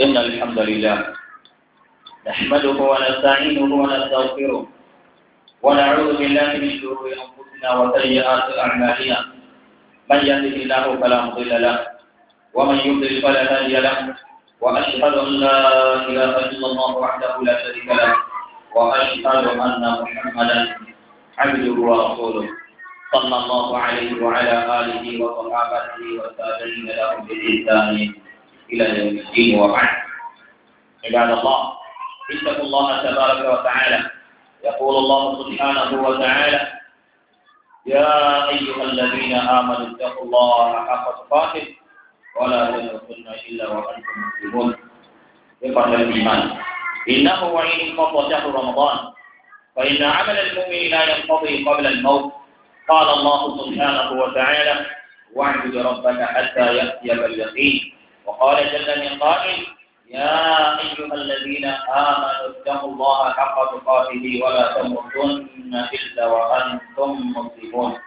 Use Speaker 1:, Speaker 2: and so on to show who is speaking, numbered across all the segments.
Speaker 1: إن الحمد لله نحمده ونستعينه ونستغفره ونعوذ بالله من شرور أنفسنا وسيئات أعمالنا من يهده الله فلا مضل له ومن يضلل فلا هادي له وأشهد أن لا إله إلا الله وحده لا شريك له وأشهد أن محمدا عبده ورسوله صلى الله عليه وعلى آله وصحابته وتابعين لهم بإحسان إلى يوم الدين وبعد عباد الله اتقوا الله تبارك وتعالى يقول الله سبحانه وتعالى يا أيها الذين آمنوا اتقوا الله حق تقاته ولا تموتن إلا وأنتم مسلمون ثقة الإيمان إنه وإن انقضى شهر رمضان فإن عمل المؤمن لا ينقضي قبل الموت قال الله سبحانه وتعالى واعبد ربك حتى يأتيك اليقين وقال جل من قائل يا أيها الذين آمنوا اتقوا الله حق تقاته ولا تموتن إلا وأنتم مسلمون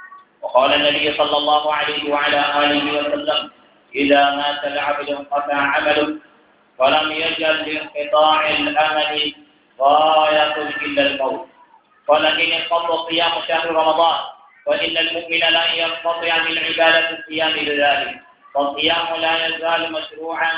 Speaker 1: وقال النبي صلى الله عليه وعلى آله وسلم إذا مات العبد انقطع عمله ولم يجد لانقطاع الأمل غاية إلا الموت ولكن قبل صيام شهر رمضان فإن المؤمن لن ينقطع من عبادة الصيام لذلك والقيام لا يزال مشروعا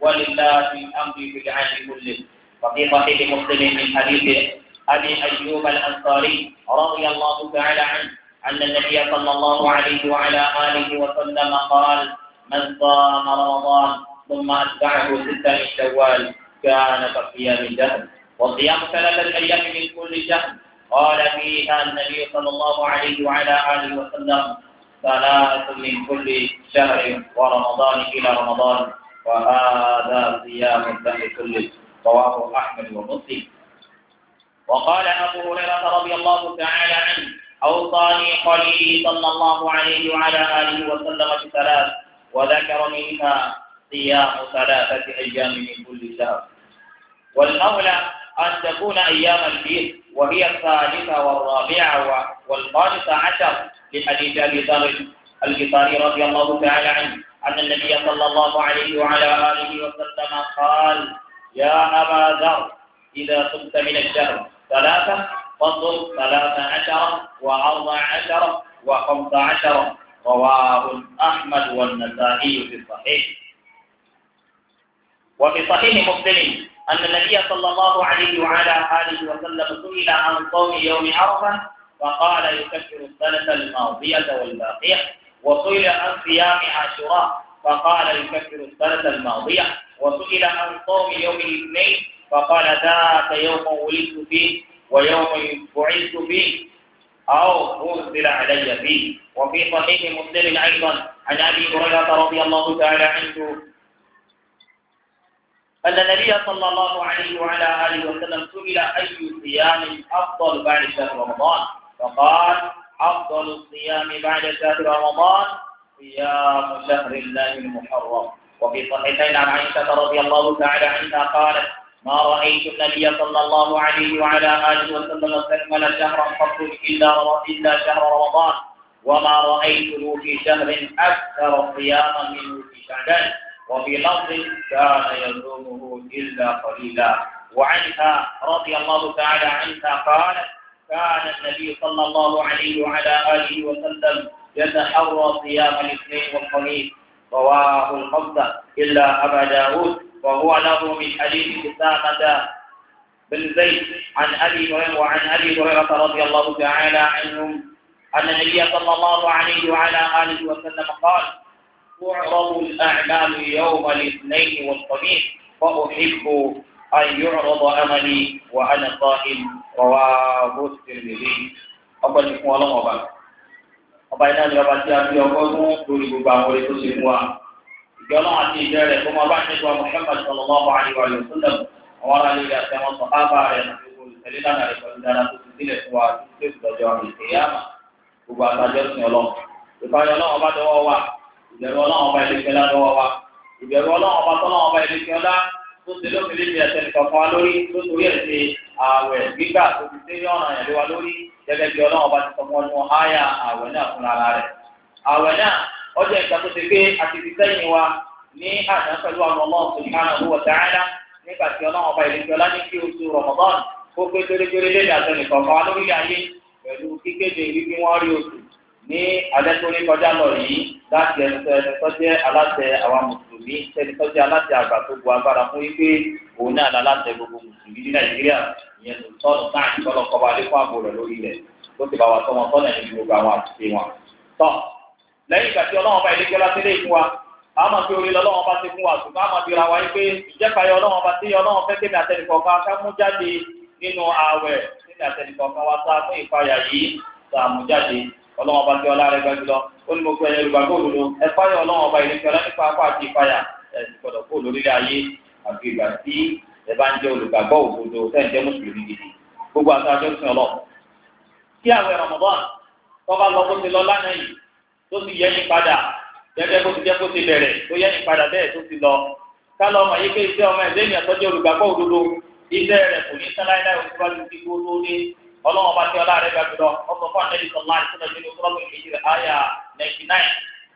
Speaker 1: ولله الأمر في العهد كله وفي صحيح مسلم من حديث أبي أيوب الأنصاري رضي الله تعالى عنه أن النبي صلى الله عليه وعلى آله وسلم قال من صام رمضان ثم أتبعه ستة من شوال كان كقيام الدهر وصيام ثلاثة أيام من كل شهر قال فيها النبي صلى الله عليه وعلى آله وسلم ثلاث من كل شهر ورمضان إلى رمضان وهذا صيام الدهر كله رواه أحمد ومسلم وقال أبو هريرة رضي الله تعالى عنه أوصاني خليلي صلى الله عليه وعلى آله وسلم بثلاث وذكر منها صيام ثلاثة أيام من كل شهر والأولى أن تكون أيام البيض وهي الثالثة والرابعة والخامسة عشر في حديث أبي ذر الغفاري رضي الله تعالى عنه أن النبي صلى الله عليه وعلى آله وسلم قال يا أبا ذر إذا صبت من الشهر ثلاثة فصل ثلاث عشر وأربع عشر وخمس عشر رواه أحمد والنسائي في الصحيح وفي صحيح مسلم أن النبي صلى الله عليه وعلى آله وسلم سئل عن صوم يوم عرفة فقال يكفر السنة الماضية والباقية وسئل عن صيام عاشوراء فقال يكفر السنة الماضية وسئل عن صوم يوم الاثنين فقال ذاك يوم ولدت فيه ويوم بعثت فيه أو أنزل علي فيه وفي صحيح مسلم أيضا عن أبي هريرة رضي الله تعالى عنه أن النبي صلى الله عليه وعلى آله وسلم سئل أي صيام أفضل بعد شهر رمضان فقال أفضل الصيام بعد شهر رمضان صيام شهر الله المحرم وفي صحيحين عن عائشة رضي الله تعالى عنها قالت ما رأيت النبي صلى الله عليه وعلى آله وسلم استكمل شهرا قط إلا إلا شهر رمضان وما رأيته في شهر أكثر صياما منه في شعبان وفي لفظ كان يزومه إلا قليلا وعنها رضي الله تعالى عنها قالت كان النبي صلى الله عليه وعلى آله وسلم يتحرى صيام الاثنين والخميس رواه الخمسة إلا أبا داود وهو له من حديث أسامة بن زيد عن أبي هريرة وعن أبي هريرة رضي الله تعالى عنهم أن النبي صلى الله عليه وعلى آله وسلم قال تعرض الأعمال يوم الاثنين والخميس فأحب أن يعرض أملي وأنا صائم رواه الترمذي ọgbọ́n ní fún ọlọ́wọ́ ọba ọba iná ni ọba tí a fi ọgọ́rùn-ún lórí gbogbo àwọn orí tó ṣe fún wa ìjọ náà àti ìjọ rẹ̀ fún ọba nígbà Muhammad sallallahu alaihi wa sallam àwọn ará lílẹ̀ àti àwọn sọ̀hábà rẹ̀ àti olùtẹ̀lé lánàá rẹ̀ pẹ̀lú dára tó ti sílẹ̀ fún wa tó ti dọ̀jọ́ ìkéyàmà gbogbo àtàjọ́ sin ọlọ́run ìparí ọlọ́run ọba dọwọ́ wa ìbẹ̀rù ọlọ́run ọba ilé tó ti lófin lè fi ẹsẹ̀ kankan wa lórí tó torí ẹ̀ ṣe ààwẹ̀ gbígbà tó ti tẹ́lẹ̀ ọ̀ràn yẹn lé wa lórí gẹ́gẹ́ bí ọlọ́run ọba ti sọ fún ọdún áyà ààwẹ̀ náà fúnra ara rẹ̀. ààwẹ̀ náà ọjọ́ ìgbà tó ti gbé àti ti sẹ́yìn wa ní àná pẹ̀lú àwọn ọmọ subhanahu wa ta'ala nígbà tí ọlọ́run ọba ìlẹ́jọ́ láti ẹni tó ẹni tó jẹ́ aláṣẹ àwa mùsùlùmí ẹni tó jẹ́ aláṣẹ àgbà tó bu agbára fún yí pé òun náà láláṣẹ gbogbo mùsùlùmí ní nàìjíríà ìyẹn tó tọ́nù náà ti tọ́nù kọ́ba lékún ààbò rẹ̀ lórí rẹ̀ tó ti bá wa tọ́mọ tọ́nà ní gbogbo àwọn àtúnṣe wọn. tọ́ lẹ́yìn ìgbà tí ọlọ́run bá ilé kẹ́lá sílẹ̀ fún wa àmọ́ fi orí lọ́lọ́run bá ti fún wa ṣùgbọ́n àmọ́ fi ọlọ́wọ́n bá tẹ ọlá rẹ gbẹ́jú lọ ó ní mo fẹ́ yorùbá góòlù lọ ẹ fáyọ̀ ọlọ́wọ́n bá ilé ìfẹ́lá nípa apá àti ìfàyà ẹ sì gbọdọ̀ góòlù orílẹ̀ ayé àti ìgbà tí ẹ bá ń jẹ́ olùgbàgbọ́ òdodo tẹ́ ń jẹ́ mùsùlùmí gidi gbogbo àtàjọ sìn ọlọ́ kí àwẹ̀ Ramadan tó bá lọ bó ti lọ lánàá yìí tó ti yẹ nípadà gẹ́gẹ́ bó ti jẹ́ kó ti bẹ̀rẹ̀ tó yẹ nípadà bẹ́ẹ̀ tó ti lọ kálọ̀ ọlọ́wọ́n bá tí ọlá rẹ̀ bá jùlọ ọkọ̀ fún àtẹ́lẹ́ sọ̀lá àti sọ̀lá nínú sọ̀rọ̀ ìgbèjì rẹ̀ àyà ninety nine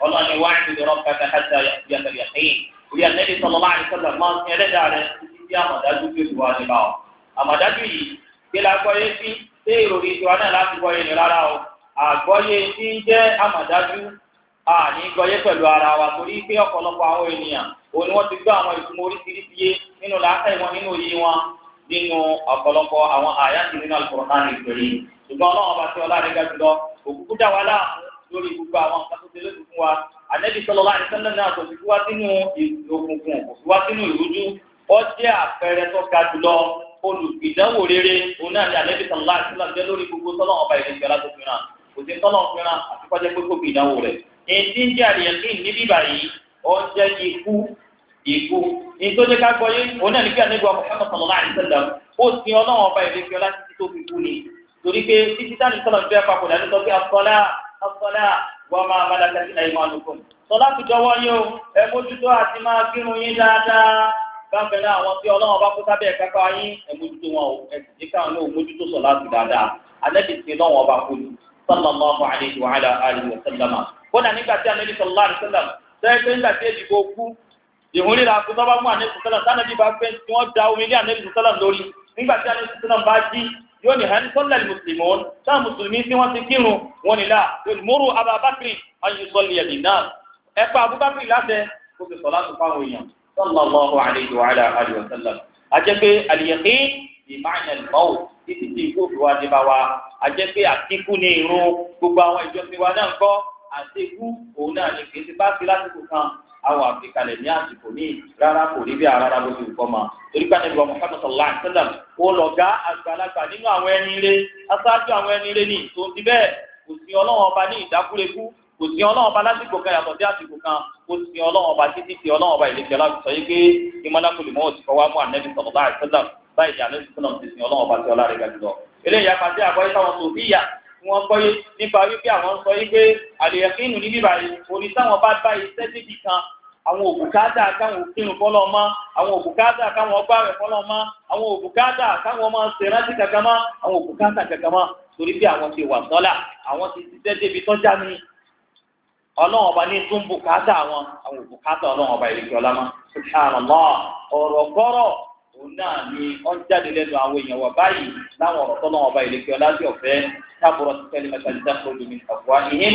Speaker 1: ọlọ́ni wá ní ìdọ̀rọ̀ kàkà hàjà yàtọ̀yà ẹ̀yìn orí àtẹ́lẹ́ sọ̀lá àti sọ̀lá máa ń fi ẹlẹ́dàá rẹ̀ títí tí àmọ̀dájú tó ti wá nípa ọ̀ àmọ̀dájú yìí gbé lágbọ́yé sí ṣé ìròyìn tiwa náà láti gbọ́yé ni rárá o àgbọ́yé tí ń jẹ́ àmọ̀dájú àní gbọ́yé pẹ̀lú ara wa torí pé ọ̀pọ̀lọpọ̀ àwọn ènìyàn òun ni wọ́n ti gbọ́ àwọn ìtumọ̀ oríṣiríṣi yé nínú làákàyè wọn nínú òye wọn nínú ọ̀pọ̀lọpọ̀ àwọn àyàtì nínú Al-Qur'an ìpèrè ṣùgbọ́n ọlọ́run ọba tí ọlá rẹ̀ ga jùlọ òkúkú dá wa láàmú lórí gbogbo àwọn nǹkan tó ṣe lóṣù fún wa Ànábì sallallahu alaihi wasallam náà kò sí wá sínú òkùnkùn kò sí wá sínú ìrújú ó jẹ́ àpẹẹrẹ tó ga jùlọ olùgbìdánwò rere òun náà ni Ànábì sallallahu alaihi wasallam jẹ́ lórí gbogbo tọ́lọ́run ọba ìrìn ìjọba tó fìràn kò sí tọ́lọ́run fìràn àti kọ́jẹ́ pé kò gbìdánwò rẹ̀ èyí tí ń jẹ́ àríyànjú níbí báyìí ó jẹ́ ikú ikú nítorí ká gbọ́ yé òun náà ní kí anábì ọkọ̀ fún ọ̀sán láàrin sẹ́lẹ̀ ó sin ọlọ́run ọba ìlú fi ọlá títí tó fi kú ni torí pé títí táàlì sọ̀rọ̀ fẹ́ papọ̀ dàbí sọ pé asọ́lá asọ́lá wọ́n máa máa dáka sí àyè máa lóko sọlá ti dọwọ́ yín o ẹ mójútó àti máa kírun yín dáadáa báńkẹ́ náà àwọn tí ọlọ́run bá kó sábẹ́ kápá yín ẹ mójútó wọn o ẹ sì díkà wọn náà mójútó sọlá ti dáadáa anábì sallam sẹ́yìn pé nígbà tí èdìbò ìmúríra akutọ́ bá mú ànẹ́sùn sọ́lá sánàbí bá fẹ́ tí wọ́n da omi lé ànẹ́sùn sọ́lá lórí nígbà tí ànẹ́sùn sọ́lá bá jí yóò ní hàn sọ́lá mùsùlùmí sáà mùsùlùmí tí wọ́n ti kírun wọn ni là múrù ababakiri ayé sọ́lá yẹn nìyà ẹ pa abubakiri láti kó fi sọ́lá tó fáwọn èèyàn sọ́lá lọ́wọ́ àlejò àlà àlejò sọ́lá àjẹpé àlìyẹ̀kí ìmáyà lọ́wọ́ títí tí ikú òfin wa dé bá wa àjẹpé àtikú ní irun gbogbo àwọn ìjọ àwọn àfikalẹ̀ ní àsìkò ní rárá kò rí bí rárá bó ti wù kọ́ ma torí pé ànábì Muhammad sallallahu alaihi wasallam ó lọ ga àgbàlagbà nínú àwọn ẹni rẹ aṣáájú àwọn ẹni rẹ ní tó ti bẹ́ẹ̀ kò sí ọlọ́wọ́n ọba ní ìdákúrekú kò sí ọlọ́wọ́n ọba lásìkò kan yàtọ̀ sí àsìkò kan kò sí ọlọ́wọ́n ọba títí sí ọlọ́wọ́n ọba ìlẹ́kẹ̀ẹ́ láti sọ yí pé ìmọ̀lákùlù mọ́ òsì kọ́wá mú ànábì sallallahu alaihi wasallam báyìí ni ànábì sọ̀rọ̀ ti sin ọlọ́wọ́n wọn gbọ́ yé nípa wípé àwọn sọ yí pé àlèyàkínù ní bíbá òní táwọn bá bá iṣẹ́ kan àwọn òbùkátà káwọn òfin fọlọ́ mọ́ àwọn òbùkátà káwọn ọgbà rẹ̀ fọlọ́ mọ́ àwọn òbùkátà káwọn ọmọ ṣèrántí kankan mọ́ àwọn òbùkátà kankan mọ́ torí bí àwọn ti wà sọ́là àwọn ti ṣiṣẹ́ débi tọ́já mi ọlọ́run ọba ní tún bùkátà wọn àwọn bùkátà ọlọ́run ọba ìrìkì ọlámá subhanallah ọ̀rọ̀ gbọ́rọ̀ òun náà ni ó ń jáde lẹ́nu àwọn èèyàn wa báyìí láwọn ọ̀rọ̀ tọ́lọ́run ọba ìrìkì ọlájú ọ̀fẹ́ tábùrọ̀ ti tẹ́lẹ̀ mẹ́ta ní dákúrò lómi ìtàkùwá ìhín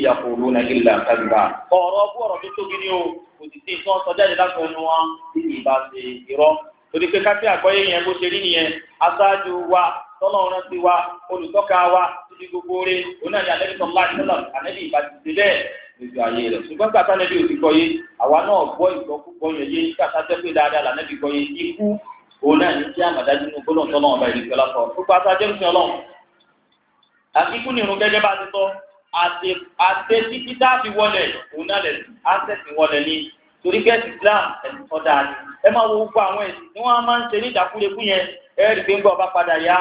Speaker 1: ìyàkùrù nàìjíríà kàdùbà ọ̀rọ̀ ọgbọ́rọ̀ tó tóbi ni o kò sì sí nǹkan sọ jáde láti ẹnu wọn tí kì ṣe irọ́ torí pé káfí àkọ́yé yẹn bó ṣe rí nìyẹn aṣáájú wa tọ́lọ́run rántí wa olùtọ́ka wa títí gbogbo rẹ̀ oní àyà lẹ́yìn tó láti sọ́lọ̀ ànẹ́bí ìbá ti ṣe bẹ́ẹ̀ lójú ayé rẹ̀ ṣùgbọ́n gbàtà nẹ́bí ò ti kọ́ yé àwa náà gbọ́ ìgbọ́kúgbọ́ yẹn yé gbàtà jẹ́ pé dáadáa lànẹ́bí kọ́ yé ikú òun náà ní kí àmàdájú ní gbọ́dọ̀ tọ́lọ́run ọba ìrìnkẹ́ àti títí dáàbì wọlé òun náà lẹsìn access wọlé ní torí gẹ́sì Islam ẹ̀sìn ọ̀dà ni ẹ máa wo gbogbo àwọn ẹ̀sìn tí wọ́n máa ń ṣe ní ìdákúrekú yẹn ẹ rí pé ń gbọ́ ọba padà yá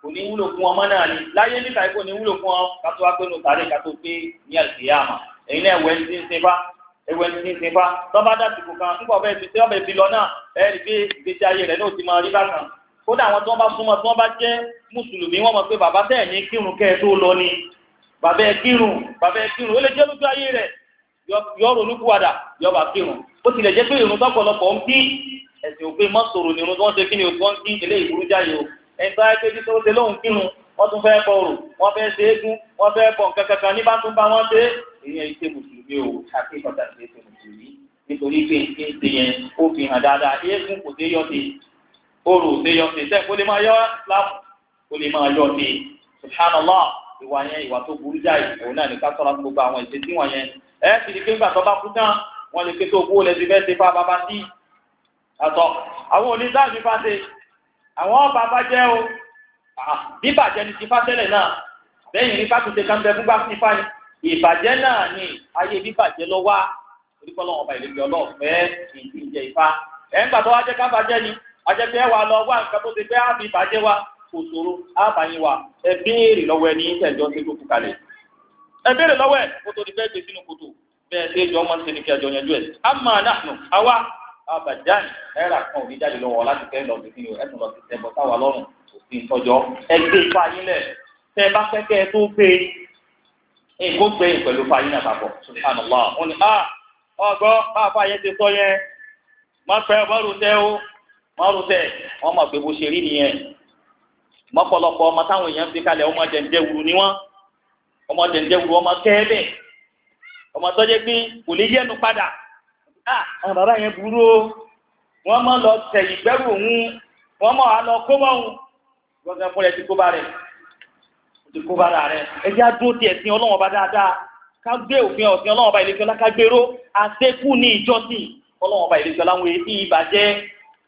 Speaker 1: kò ní wúlò fún ọmọ náà ni láyé níta kò ní wúlò fún ọ kátó wá pé nù sáré kátó pé ní àlùkìyàmà ẹ̀yin náà ẹ̀wẹ̀ ń ti ń ṣe bá ewé ní ní nípa tọ́ba dàsìkò kan nípa ọbẹ̀ ti tẹ́wọ́ bẹ̀ fi lọ náà ẹ rí pé ìgbésí ayé rẹ̀ náà ti máa rí bákan kódà àwọn tí wọ́n bá súnmọ́ tí wọ́n bá jẹ́ mùsùlùmí wọ́n mọ̀ pé bàbá tẹ̀ ní kírun kẹ́ ẹ tó lọ ni bàbá ẹ kírun bàbá ẹ kírun ó lè jẹ́ lójú ayé rẹ̀ yọ ronúkú padà yọ bá kírun bó tilẹ̀ jẹ́ pé ìrun tọ́pọ̀lọpọ̀ ń kí ẹ̀sìn òpin mọ́ sọ̀rọ̀ ní irun tó ń ṣe kí ni òkú ń kí ilé ìburú jáde o ẹni tó ayé tó ṣe lóhùn kírun wọ́n tún fẹ́ bọ òrò wọ́n fẹ́ ṣe é gún wọ́n fẹ́ bọ̀ nǹkan kankan ní bá tún bá wọ́n ṣe èèyàn ìṣe mùsùlùmí o àti pàtàkì ìṣe mùsùlùmí nítorí pé ìṣe ń yẹn ó fi hàn dáadáa eégún kò dé yọ̀ọ̀ṣe òrò ò dé sẹ́ẹ̀ kó lè máa yọ láàmù kó lè máa yọ̀ọ̀ṣe subhanallah ìwà yẹn ìwà tó burú jáì òun náà ní ká sọ́ra gbogbo àwọn ìṣesí wọn yẹn ẹ ti di pé ńgbà tó bá kú tán wọn lè ké tó owó lẹbi bẹ́ẹ̀ ṣe fa bàbá sí àtọ àwọn onídàájú bá ṣe àwọn bàbá jẹ́ o bíbàjẹ́ ni ti fa tẹ́lẹ̀ náà lẹ́yìn ní fásitì kan bẹ fún bá fífa ìbàjẹ́ náà ni ayé bíbàjẹ́ lọ wá onípọ̀lọ́ ọba ìlú ọlọ́ọ̀fẹ́ ìjẹ ìfa ẹ̀ ń gbàtọ́ ajẹ́ ká bàjẹ́ ni ajẹ́ pé wà lọ wá nǹkan tó ti fẹ́ àbí ìbàjẹ́ wa kò sòro àbáyé wa ẹ béèrè lọ́wọ́ ẹ ní ìtẹ̀jọ́ sí tó kù kalẹ̀ ẹ béèrè lọ́wọ́ ẹ kó tó di bẹ́ẹ̀ gbé sínú kòtò bẹ́ẹ̀ ṣe jọ ọmọ sínú kí ẹjọ́ yanjú ẹ̀ àmà náà àwa àbàdàn ẹ̀rà kan ò ní jáde lọ́wọ́ láti fẹ́ lọ sí fi hàn ẹ̀sùn lọ sí tẹ̀ bọ́ sáwà lọ́rùn kò sí ìtọ́jọ́ ẹgbẹ́ fàyín lẹ̀ tẹ́ bá kẹ́kẹ́ tó gbé nǹkó gbé pẹ̀lú fàyín náà papọ̀ subhanallah wọn ni ọgbọ́ bá fàyẹ ti sọ yẹn má fẹ́ ọmọrùtẹ́ o mọ́rùtẹ́ wọ́n mọ̀ pé bó ṣe rí nìyẹn mọ́pọ̀lọpọ̀ ọmọ táwọn èèyàn fi kalẹ̀ ọmọ jẹ̀ǹjẹ̀ wuru ni wọ́n ọmọ jẹ̀ǹjẹ̀ wuru ọmọ kẹ́ẹ́bẹ̀ ọmọ tọ́jẹ́ pé kò lè yẹnu padà àwọn bàbá yẹn burú o wọ́n mọ̀ lọ tẹ̀ ìgbẹ́rù òun wọ́n mọ̀ á lọ kó mọ́ òun gbọ́dọ̀ fún ẹ ti kó bá rẹ̀ ti kó bá rẹ̀ ẹ jẹ́ àdó tiẹ̀ sin ọlọ́wọ́n bá dáadáa ká gbé òfin ọ̀sìn ọlọ́wọ́n bá ìlẹ́kọ̀ọ́ lá ká gbèrò àtẹ́kù ní ìjọsìn ọlọ́wọ́n bá ìlẹ́kọ̀ọ́ láwọn èyí ìbàjẹ́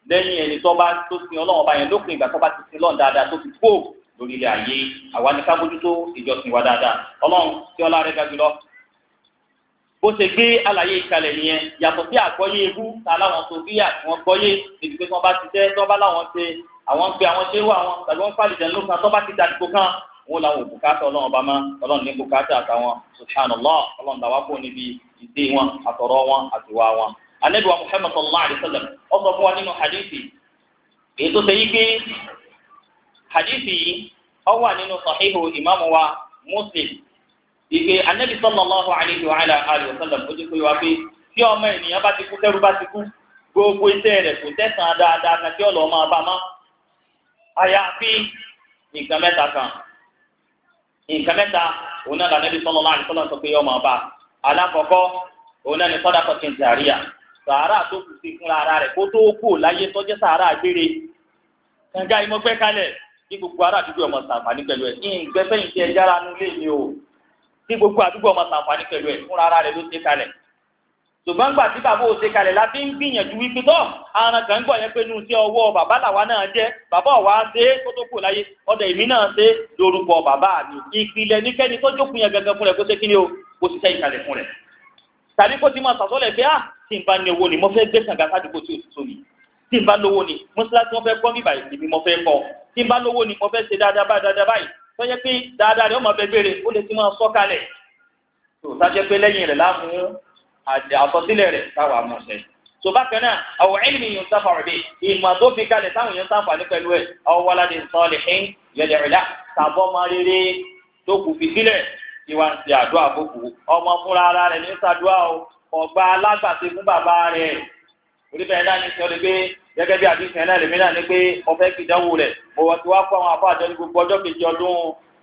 Speaker 1: lẹ́yìn ẹni tó bá tó sin ọlọ́run ọba yẹn lópin ìgbà tó bá ti sin lọ́n dáadáa tó ti kó lórí ilẹ̀ ayé àwa ni ká bójútó ìjọsìn wa dáadáa ọlọ́run tí ọlá rẹ̀ gàgbé lọ. bó ṣe gbé àlàyé ìkàlẹ̀ nìyẹn yàtọ̀ sí àgbọ́yé ewu ta láwọn sofiya tí wọ́n gbọ́yé níbi pé tí wọ́n bá ti tẹ́ tí wọ́n bá láwọn ṣe àwọn gbé àwọn ṣerú àwọn tàbí wọ́n pàlìjẹ́ lókan tó bá ti dàdìgbò kan muhammad sallallahu alayhi wa ó sọ fún wa nínú hadithi èyí tó ṣe yí pé hadithi yìí ó wà nínú sahihu ìmáàmù wa muslim ìgbé anabi sallallahu alayhi wa ala alihi wa sallam ó ti pè wá pé tí ọmọ ènìyàn bá ti kú tẹ́rú bá ti kú gbogbo iṣẹ́ rẹ̀ kò tẹ̀sán dáadáa kan tí ọ̀lọ́ máa bá má àyàfi nǹkan mẹ́ta kan nǹkan mẹ́ta òun náà lànà ibi sallallahu alayhi wa sallam sọ pé ọmọ ọba alákọ̀ọ́kọ́ òun náà ni sọ́dà kọ́kíntì àríyá sàárà tó kù sí fúnra ara rẹ̀ kó tó kù láyé tọ́jẹ́ sàárà gbére kànga ìmọ̀gbẹ́ kalẹ̀ kí gbogbo ará àdúgbò ọmọ sàǹfààní pẹ̀lú ẹ̀ kí n gbẹ́sẹ̀yìn tí ẹ yára nu lé mi o kí gbogbo àdúgbò ọmọ sàǹfààní pẹ̀lú ẹ̀ fúnra ara rẹ̀ ló ṣe kalẹ̀ ṣùgbọ́n gbà tí bàbá òṣè kalẹ̀ la fi ń gbìyànjú wípé tọ́ aràn kan gbọ́ yẹn pé inú iṣẹ́ ọwọ́ bàbá làwa náà jẹ́ bàbá ọ̀wá ṣe é kó tó kù láyé ọ̀dọ̀ èmi náà ṣe lórúkọ bàbá mi ìpìlẹ̀ níkẹ́ni tó jókòó yẹn gangan fún rẹ̀ kó ṣe kí ni o kó ṣiṣẹ́ ìkàlẹ̀ fún rẹ̀ tàbí kó ti máa sàtọ́lẹ̀ pé ah tí n bá ní owó ni mo fẹ́ gbé kànga sádùúgbò tí o ti tó mi tí n bá lówó ni mọ́ṣáláṣí wọn fẹ́ kọ́ mi báyìí èmi mo fẹ́ kọ́ tí n bá lówó ni mo fẹ́ ṣe dáadáa báyìí dáadáa báyìí tọ́jẹ́ pé dáadáa rẹ̀ ọmọ bẹ bèrè ó lè ti máa sọ́ kalẹ̀ tó sájẹ́ pé lẹ́yìn rẹ̀ láàmú àsọsílẹ̀ rẹ̀ táwa mọ̀ ṣẹ́ tó bákan náà àwọn ẹ̀mí yìí sáfà rẹ̀ ìmọ̀ tó fi kalẹ̀ táwọn yẹn ń sáfàní pẹ̀lú ọgbà alágbàtì fún bàbá rẹ̀ orí bẹ́ẹ̀ náà ní sọ de pé gẹ́gẹ́ bí àdìsí ẹ̀ náà lèmi náà ní pé ọ̀fẹ́ kìdánwò rẹ̀ òwò tí wàá kó àwọn àbá àjọ ní gbogbo ọjọ́ kejì ọdún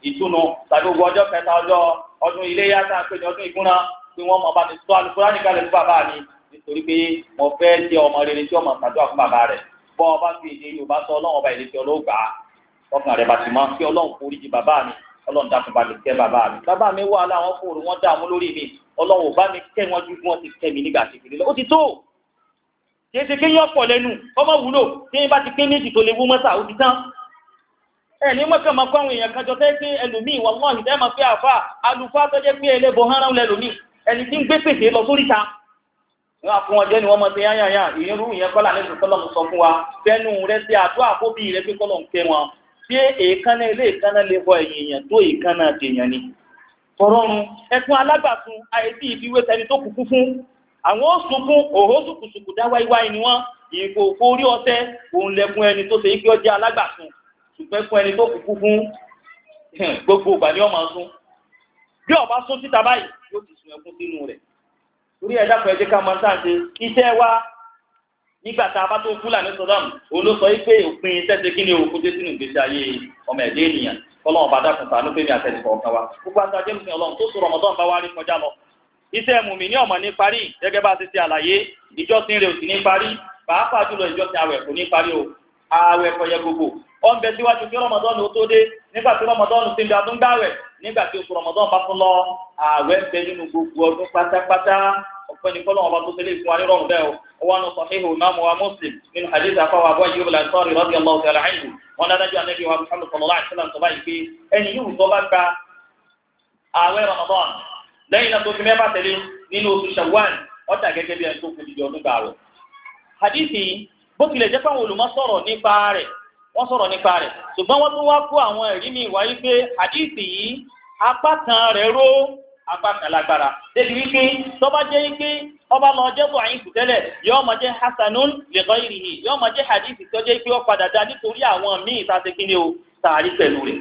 Speaker 1: ìtúnu tàbí gbogbo ọjọ́ kẹta ọjọ́ ọdún iléyá tá a pè ní ọdún ìgúnra tí wọ́n mọ̀ bá mi sọ alukóra nìkan lè fún bàbá mi nítorí pé mo fẹ́ jẹ ọmọ rere tí ọmọ ṣàdúrà fún bàbá rẹ̀ bọ́ ọba fi èdè Yorùbá sọ ọlọ́run ọba ìlẹ́sẹ̀ ọlọ́gbà ọkàn rẹ̀ bàtì máa ń fi ọlọ́run foríjì bàbá mi ọlọ́run dákun mi kẹ́ bàbá mi bàbá mi wà láwọn fòrò wọn dààmú lórí mi ọlọ́run ò bá mi kẹ́ wọn ju bí wọ́n ti kẹ́ mi nígbà tí ìpínlẹ̀ ó ti tó kìí ṣe kéyìn ọ̀pọ̀ lẹ́nu ọmọ wúlò kéyìn bá ti pé méjì tó lè wú mọ́tà ó ti tán ẹ ní mọ́kàn máa kó àwọn èèyàn kan jọ tẹ́ pé ẹlòmíì wà wọ́n ìdẹ́ máa pé àfà alùpàá tó jẹ́ pé ẹlẹ́bọ̀ hánà ń lẹ́lòmíì ẹni tí ń gbé pèsè lọ sórí ta wọn fún wọn jẹ́ ni wọ́n mọ̀ sí yányányá ìyẹn rú ìyẹn kọ́là lẹ́sùn tọ́lọ́mù sọ fún wa fẹ́nu rẹ sí àdúrà kó bí rẹ pé kọ́lọ̀ ń pẹ́ wọn ṣé èékánná ilé èékánná lè bọ ẹ̀yìn èèyàn tó èékánná àtẹ̀yàn ni kọ̀rọ̀run ẹkún alágbàfún àìsí ìfiwé tẹni tó kúkú fún àwọn ó sunkún òhó sùkùsùkù dá wáíwáí ni wọn ìkò forí ọtẹ òun lẹkùn ẹni tó ṣe é kí ọjà alágbàfún ṣùgbọ́n ẹkún ẹni tó kúkú fún gbogbo ìgbà ni ọmọ sún bí ọba sún síta báyìí yóò ti sun ẹkún sínú rẹ̀ torí ẹ dákun ẹ jẹ́ ká máa tà ṣe iṣẹ́ wa nígbà tá a bá tó fúlàní sọdọm òun ló sọ yìí pé òpin iṣẹ́ ṣe kí ni òkú dé sínú ìgbésí ayé ọmọ ẹ̀dẹ́ ènìyàn kọ́lọ́n ọba dákun tàánú pé mi àtẹnìkọ̀ ọ̀kan wa gbogbo àti ajé mùsùlùmí ọlọ́run tó sọ̀rọ̀ ọmọdé ọba wa rí kọjá lọ. iṣẹ́ mùmí ní ọ̀mọ̀ ní parí gẹ́gẹ́ bá a ti ṣe àlàyé ìjọsìn rẹ̀ ò sì ní parí pàápàá jùlọ ìjọsìn àwẹ̀ kò ní parí o àwẹ̀ kọyẹ gbogbo ọ̀n bẹ síwájú kí rọmọdọ́n ó tó dé nígbà tí rọmọdọ́n ti ń da tó nígbà tí oṣù rọmọdọ́n bá ọ̀pẹ́ni kọ́lọ́ ọba tó tẹ́lẹ̀ fún wa ní rọrùn bẹ́ẹ̀ o wọn sọ ṣe ìhùn ìmáàmù wa Muslim nínú hadith afọwọ́ abọ́ yìí wọlé sọ́ọ̀rì rọ́bì ọlọ́ ọ̀tẹ̀ aláìlú wọn dájú ànábì wa Muhammad sallallahu alaihi wasallam tó báyìí pé ẹni yóò bá gba ààwẹ̀ Ramadan lẹ́yìn náà tó fi mẹ́fà tẹ̀lé nínú oṣù Shawwal ó gẹ́gẹ́ bí ẹni tó fi dìde ọdún gbà apá kan lágbára débi wípé tó bá jẹ́ wípé ọba lọ jẹ́ bọ̀ àyínkù tẹ́lẹ̀ yóò mọ̀ jẹ́ hasanun li ghairihi yóò mọ̀ jẹ́ hadithi tó jẹ́ pé ó padà dá nítorí àwọn míì tá a ti kí ni o tààrí pẹ̀lú rẹ̀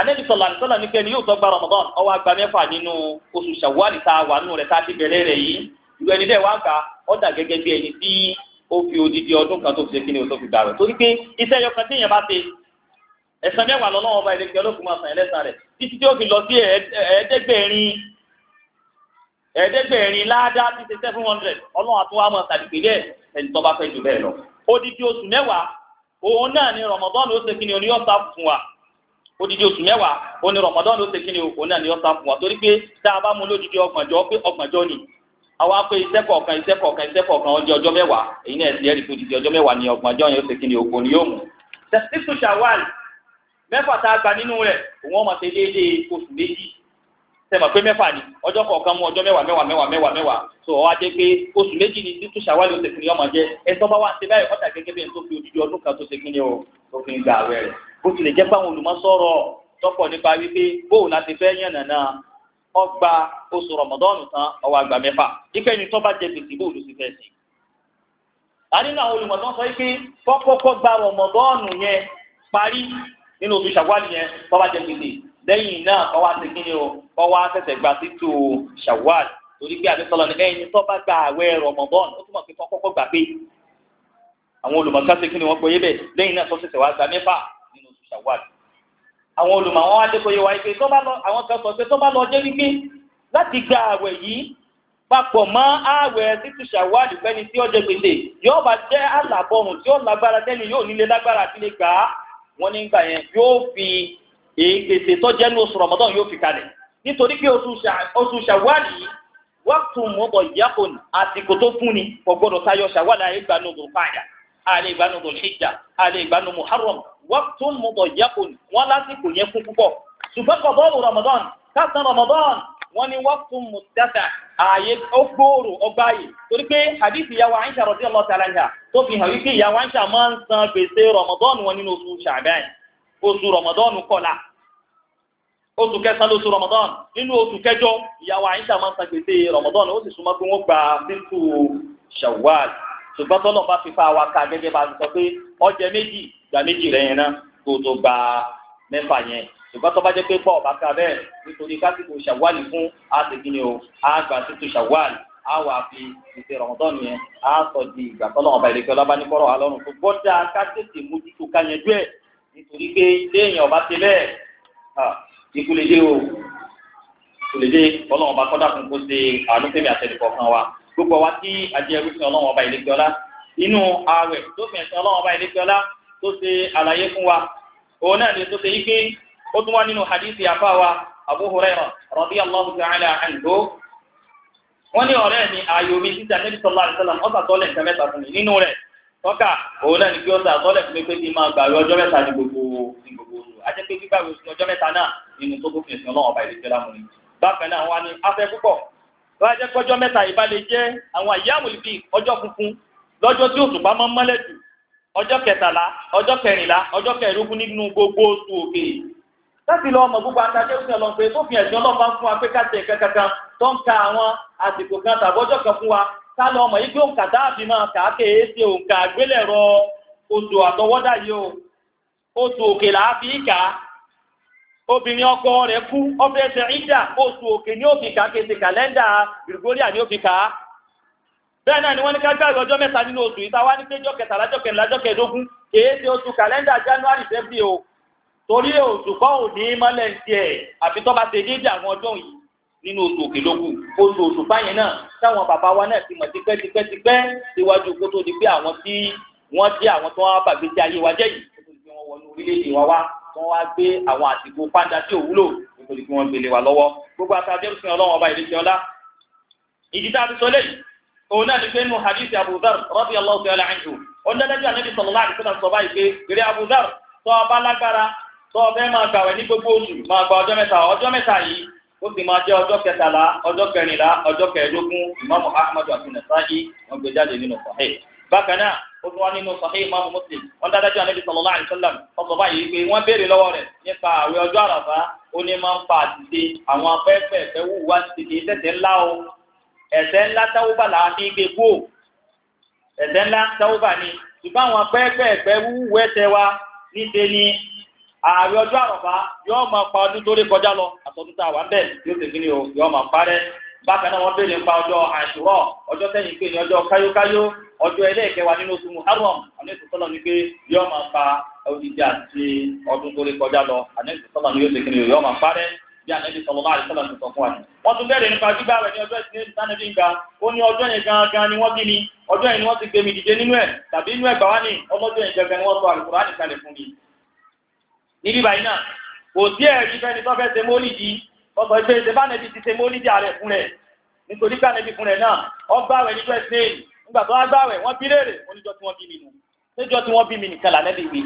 Speaker 1: anabi sọlá àdìsọlá ní kẹ́ni yóò tó gba Ramadan ọwọ́ agba mẹ́fà nínú oṣù sàwálì tá a wà nínú rẹ̀ ti bẹ̀rẹ̀ rẹ̀ yìí ìwé ẹni dẹ́ wá gbà ọ́ dà gẹ́gẹ́ bí ẹni tí fi odidi ọdún kan tó fi ṣe o tó fi gbà rẹ̀ torí pé iṣẹ́ yọkan tí èèyàn bá ṣe ẹ̀sán mẹ́wàá lọ́nà ọba ìlẹ́kẹ́ olókùn máa sàn ẹlẹ́sàn rẹ̀ títí tí ó fi lọ sí ẹ̀ẹ́dẹ́gbẹ̀rin ẹ̀ẹ́dẹ́gbẹ̀rin láàdá ti ṣe seven hundred ọlọ́run àti wàá máa sàdìgbélé ẹni tó bá fẹ́ jù bẹ́ẹ̀ lọ. odidi oṣù mẹ́wàá òun náà ni rọmọdọ́nù ó ṣe kí ni oní ọ̀sà fún wa odidi oṣù mẹ́wàá òun ni rọmọdọ́nù ó ṣe kí ni òun náà ni ọ̀sà fún wa torí pé tá a bá mú lódidi ọgbọ̀njọ́ pé ọgbọ̀njọ́ ni àwa pé iṣẹ́ kọ̀ọ̀kan iṣẹ́ kọ̀ọ̀kan iṣẹ́ kọ̀ọ̀kan ọjọ́ ọjọ́ mẹ́wàá èyí náà ẹ̀sìn ẹ̀rí fún odidi ọjọ́ mẹ́wàá ni ọgbọ̀njọ́ yẹn ó ṣe kí ni òkò ni yóò mú. tẹ̀sítù ṣàwálì mẹ́fà tá a gbà nínú rẹ̀ òun ọmọ ṣe déédéé oṣù méjì sẹ́mọ̀ pé mẹ́fà ni ọjọ́ kọ̀ọ̀kan mú ọjọ́ mẹ́wàá mẹ́wàá mẹ́wàá mẹ́wàá mẹ́wàá tó ọ adé pé oṣù méjì ni títún ṣàwálì oṣù kìnìún ọmọ jẹ ẹ̀tọ́ bá wá ṣe báyìí ọ̀tà gẹ́gẹ́ bí ẹni tó fi odidi ọdún kan tó ṣe o tó fi gba àwẹ̀ rẹ̀ bó tilẹ̀ bá àwọn nínú oṣù ṣàwálì yẹn kọ́ wá jẹ gbèsè lẹ́yìn náà kọ́ wá ṣe kíni o kọ́ wá ṣẹ̀ṣẹ̀ gba títù ṣàwálì torí pé àdéṣọlọ ní ẹyin tó bá gba àwẹ̀ rọmọbọ́ọ̀nù ó túmọ̀ pé kọ́ kọ́kọ́ gbà pé àwọn olùmọ̀ká ṣe kíni wọ́n gbọ́ yé bẹ̀ lẹ́yìn náà tó ṣẹ̀ṣẹ̀ wá gba mẹ́fà nínú oṣù ṣàwálì àwọn olùmọ̀ àwọn adékòye wáyé pé àwọn kan sọ pé tó bá lọ jẹ́ wípé láti gba àwẹ̀ yìí papọ̀ mọ́ ààwẹ̀ títù ṣàwádìí fẹ́ni tí ó jẹ gbèsè yóò bá jẹ́ àlàbọ̀rùn tí ó lágbára tẹ́ni yóò nílé lágbára wọ́n nígbà yẹn yóò fi ègbèsè tọ́jẹ́ ní oṣù rọ̀mọ́dán yóò fi kalẹ̀ nítorí pé oṣù ṣàwálì wọ́pù mọ́bọ̀ yàkùn àsìkò tó fún ni kò gbọ́dọ̀ tayọ ṣàwálì àìgbànú dùnfàyà àìgbànú dùnṣìjà àìgbànú muharram wọ́pù mọ́bọ̀ yàkùn wọ́n lásìkò yẹn fún púpọ̀ ṣùgbọ́n kọ̀ bọ́ọ̀lù kásán rọ̀mọ́dán wọ́n ní waqtun muttasa ààyè ọgbòòrò ọgbààyè torí pé hadith ìyàwó àyíṣà radiyallahu ta'ala anha tó fi hàn wípé ìyàwó àyíṣà máa ń san gbèsè rọmọdọ́ọ̀nù wọn nínú oṣù ṣàbẹ́ẹ̀ oṣù rọmọdọ́ọ̀nù kọlá oṣù kẹsàn-án lóṣù rọmọdọ́ọ̀nù nínú oṣù kẹjọ ìyàwó àyíṣà máa ń san gbèsè rọmọdọ́ọ̀nù ó sì súnmọ́ pé wọ́n gba bíntù ṣàwáàlì ṣùgbọ́n tọ́lọ̀ bá fi fa wa ṣùgbọ́n tó bá jẹ́ pé gbọ́ ọ̀bá ká bẹ́ẹ̀ nítorí kásìkò ṣàwálì fún àtẹ̀gínlẹ̀ o àgbà títú ṣàwálì á wà fi ìṣe rọ̀mọ́dọ́n yẹn á sọ di ìgbà tọ́lọ́ ọba ìlẹ̀kẹ́ ọlọ́ba ní kọ́rọ̀ alọ́run tó gbọ́dá ká tètè mójútó ká yanjú ẹ̀ nítorí pé léèyàn ọba ti bẹ́ẹ̀ ikú lè dé o kò lè dé ọlọ́run ọba kọ́dà fún kó ṣe àánú fẹ́mi àtẹnukọ̀ kan wa gbogbo wa tí ajẹ́ òun náà ni tó ṣe yí pé ó tún nínú hadithi àfáwa Abu Hurairah radiyallahu ta'ala anhu wọ́n ní ọ̀rẹ́ mi ààyò mi títí àtẹ́bí sọ́lá àdìsọ́làm tọ́lẹ̀ nǹkan mẹ́ta fún mi nínú rẹ̀ tọ́ka òun náà ní kí ọ̀sà tọ́lẹ̀ fún mi pé kí n máa gbàgbé ọjọ́ mẹ́ta ní gbogbo ní gbogbo oṣù ajẹ́ pé gbígbàgbé oṣù ọjọ́ mẹ́ta náà nínú tó tó ni bákan náà láti lọ ọmọ gbogbo àtàjẹ́ òsìn ọlọ́run pé tó fi ẹ̀sìn ọlọ́run bá ń fún wa pé káṣẹ nǹkan kankan tó ń ka àwọn àsìkò kan tàbọ́jọ́ kan fún wa ká lọ ọmọ yìí pé òǹkà dáàbì máa kà á kéé ṣe òǹkà àgbélẹ̀rọ odò àtọwọ́dá yìí o oṣù òkè là á fi kà á obìnrin ọkọ rẹ̀ kú ọbẹ̀ ẹsẹ̀ ìdá oṣù òkè ni ó fi kà á kéṣe kàlẹ́ndà Gregoria ni ó fi kà á bẹ́ẹ̀ náà ni wọ́n ní ká gbàgbé ọjọ́ mẹ́ta nínú oṣù ìta wá ní péjọ kẹtàlájọ kẹrìnlájọ kẹẹ̀dógún kèé ṣe oṣù kàlẹ́ndà January february o torí òṣùpá ò ní mọ́lẹ̀ ń tiẹ̀ àfi tó bá ṣe déédéé àwọn ọdún yìí nínú oṣù òkè lókù oṣù òṣùpá yẹn náà táwọn bàbá wa náà ti mọ̀ tipẹ́ tipẹ́ tipẹ́ síwájú kó tó di pé àwọn tí wọ́n jẹ́ àwọn tó wá bàgbé tí ayé wa jẹ́ yìí kó tó di pé wọ́n wọnú orílẹ̀-èdè wa wá tó wá gbé àwọn àsìkò pàǹdà tí ò wúlò kó tó di pé wọ́n gbélé wa lọ́wọ́ gbogbo àtàjẹ́ òfin ọlọ́run ọba ìdíjẹ́ ọlá ìdí tá a fi sọ lẹ́yìn òun náà ni pé nínú hadith Abu Dharr radiyallahu ta'ala anhu tó o fẹ́ máa gbàwẹ̀ ní gbogbo oṣù máa gba ọjọ́ mẹ́ta ọjọ́ mẹ́ta yìí ó sì máa jẹ́ ọjọ́ kẹtàlá ọjọ́ kẹrìnlá ọjọ́ kẹẹ̀ẹ́dógún ìmáàmù ahmadu àti nàṣáyí wọn gbé jáde nínú sahih bákan náà ó tún wá nínú sahih ìmáàmù muslim wọn dájú ànábi sallallahu alaihi wasallam ọsọ báyìí pé wọn béèrè lọ́wọ́ rẹ̀ nípa àwẹ̀ ọjọ́ àràfá ó ní máa ń fa àtìsí àwọn afẹ́fẹ́ ẹ̀fẹ́ wúwa ti kì í ńlá o ẹ̀ṣẹ̀ ńlá táwọ́bà là á fi gbé kú o ẹ̀ṣẹ̀ ńlá táwọ́bà ni ṣùgbọ́n àwọn afẹ́fẹ́ ẹ̀fẹ́ wúwú ẹ̀ṣẹ̀ wa níṣe ni ààrẹ ọjọ́ àrọ̀bá yóò máa pa ọdún tó lé kọjá lọ àtọ̀dún tá a wà ń yóò sì o yóò máa parẹ́ bákan náà wọ́n ọjọ́ àṣùrọ̀ ọjọ́ sẹ́yìn pé ní ọjọ́ káyókáyó ọjọ́ nínú oṣù muharram ni pé yóò máa pa odidi àti ọdún tó lé kọjá lọ anẹ́sì sọ́lá ni yóò sì o yóò máa parẹ́ bí anabi sọlọlá àdìsọlá ti sọ fún wa ni. wọ́n tún bẹ̀rẹ̀ nípa ní ìsinmi ga ó ní ọjọ́ yẹn gangan ni bí mi yẹn ni ti gbé mi níbí báyìí náà kò sí ẹ̀rí fẹ́ni tó fẹ́ ṣe mólídì ọkọ̀ ìgbé ṣe bá nẹbi ti ṣe mólídì ààrẹ fún rẹ̀ nítorí pé ànẹbi fún rẹ̀ náà ọgbà rẹ̀ níjọ́ ẹsẹ̀ nígbà tó wá rẹ̀ wọ́n bí léèrè oníjọ́ tí wọ́n bí mi nù níjọ́ tí wọ́n bí mi nìkan lànẹ́bí wí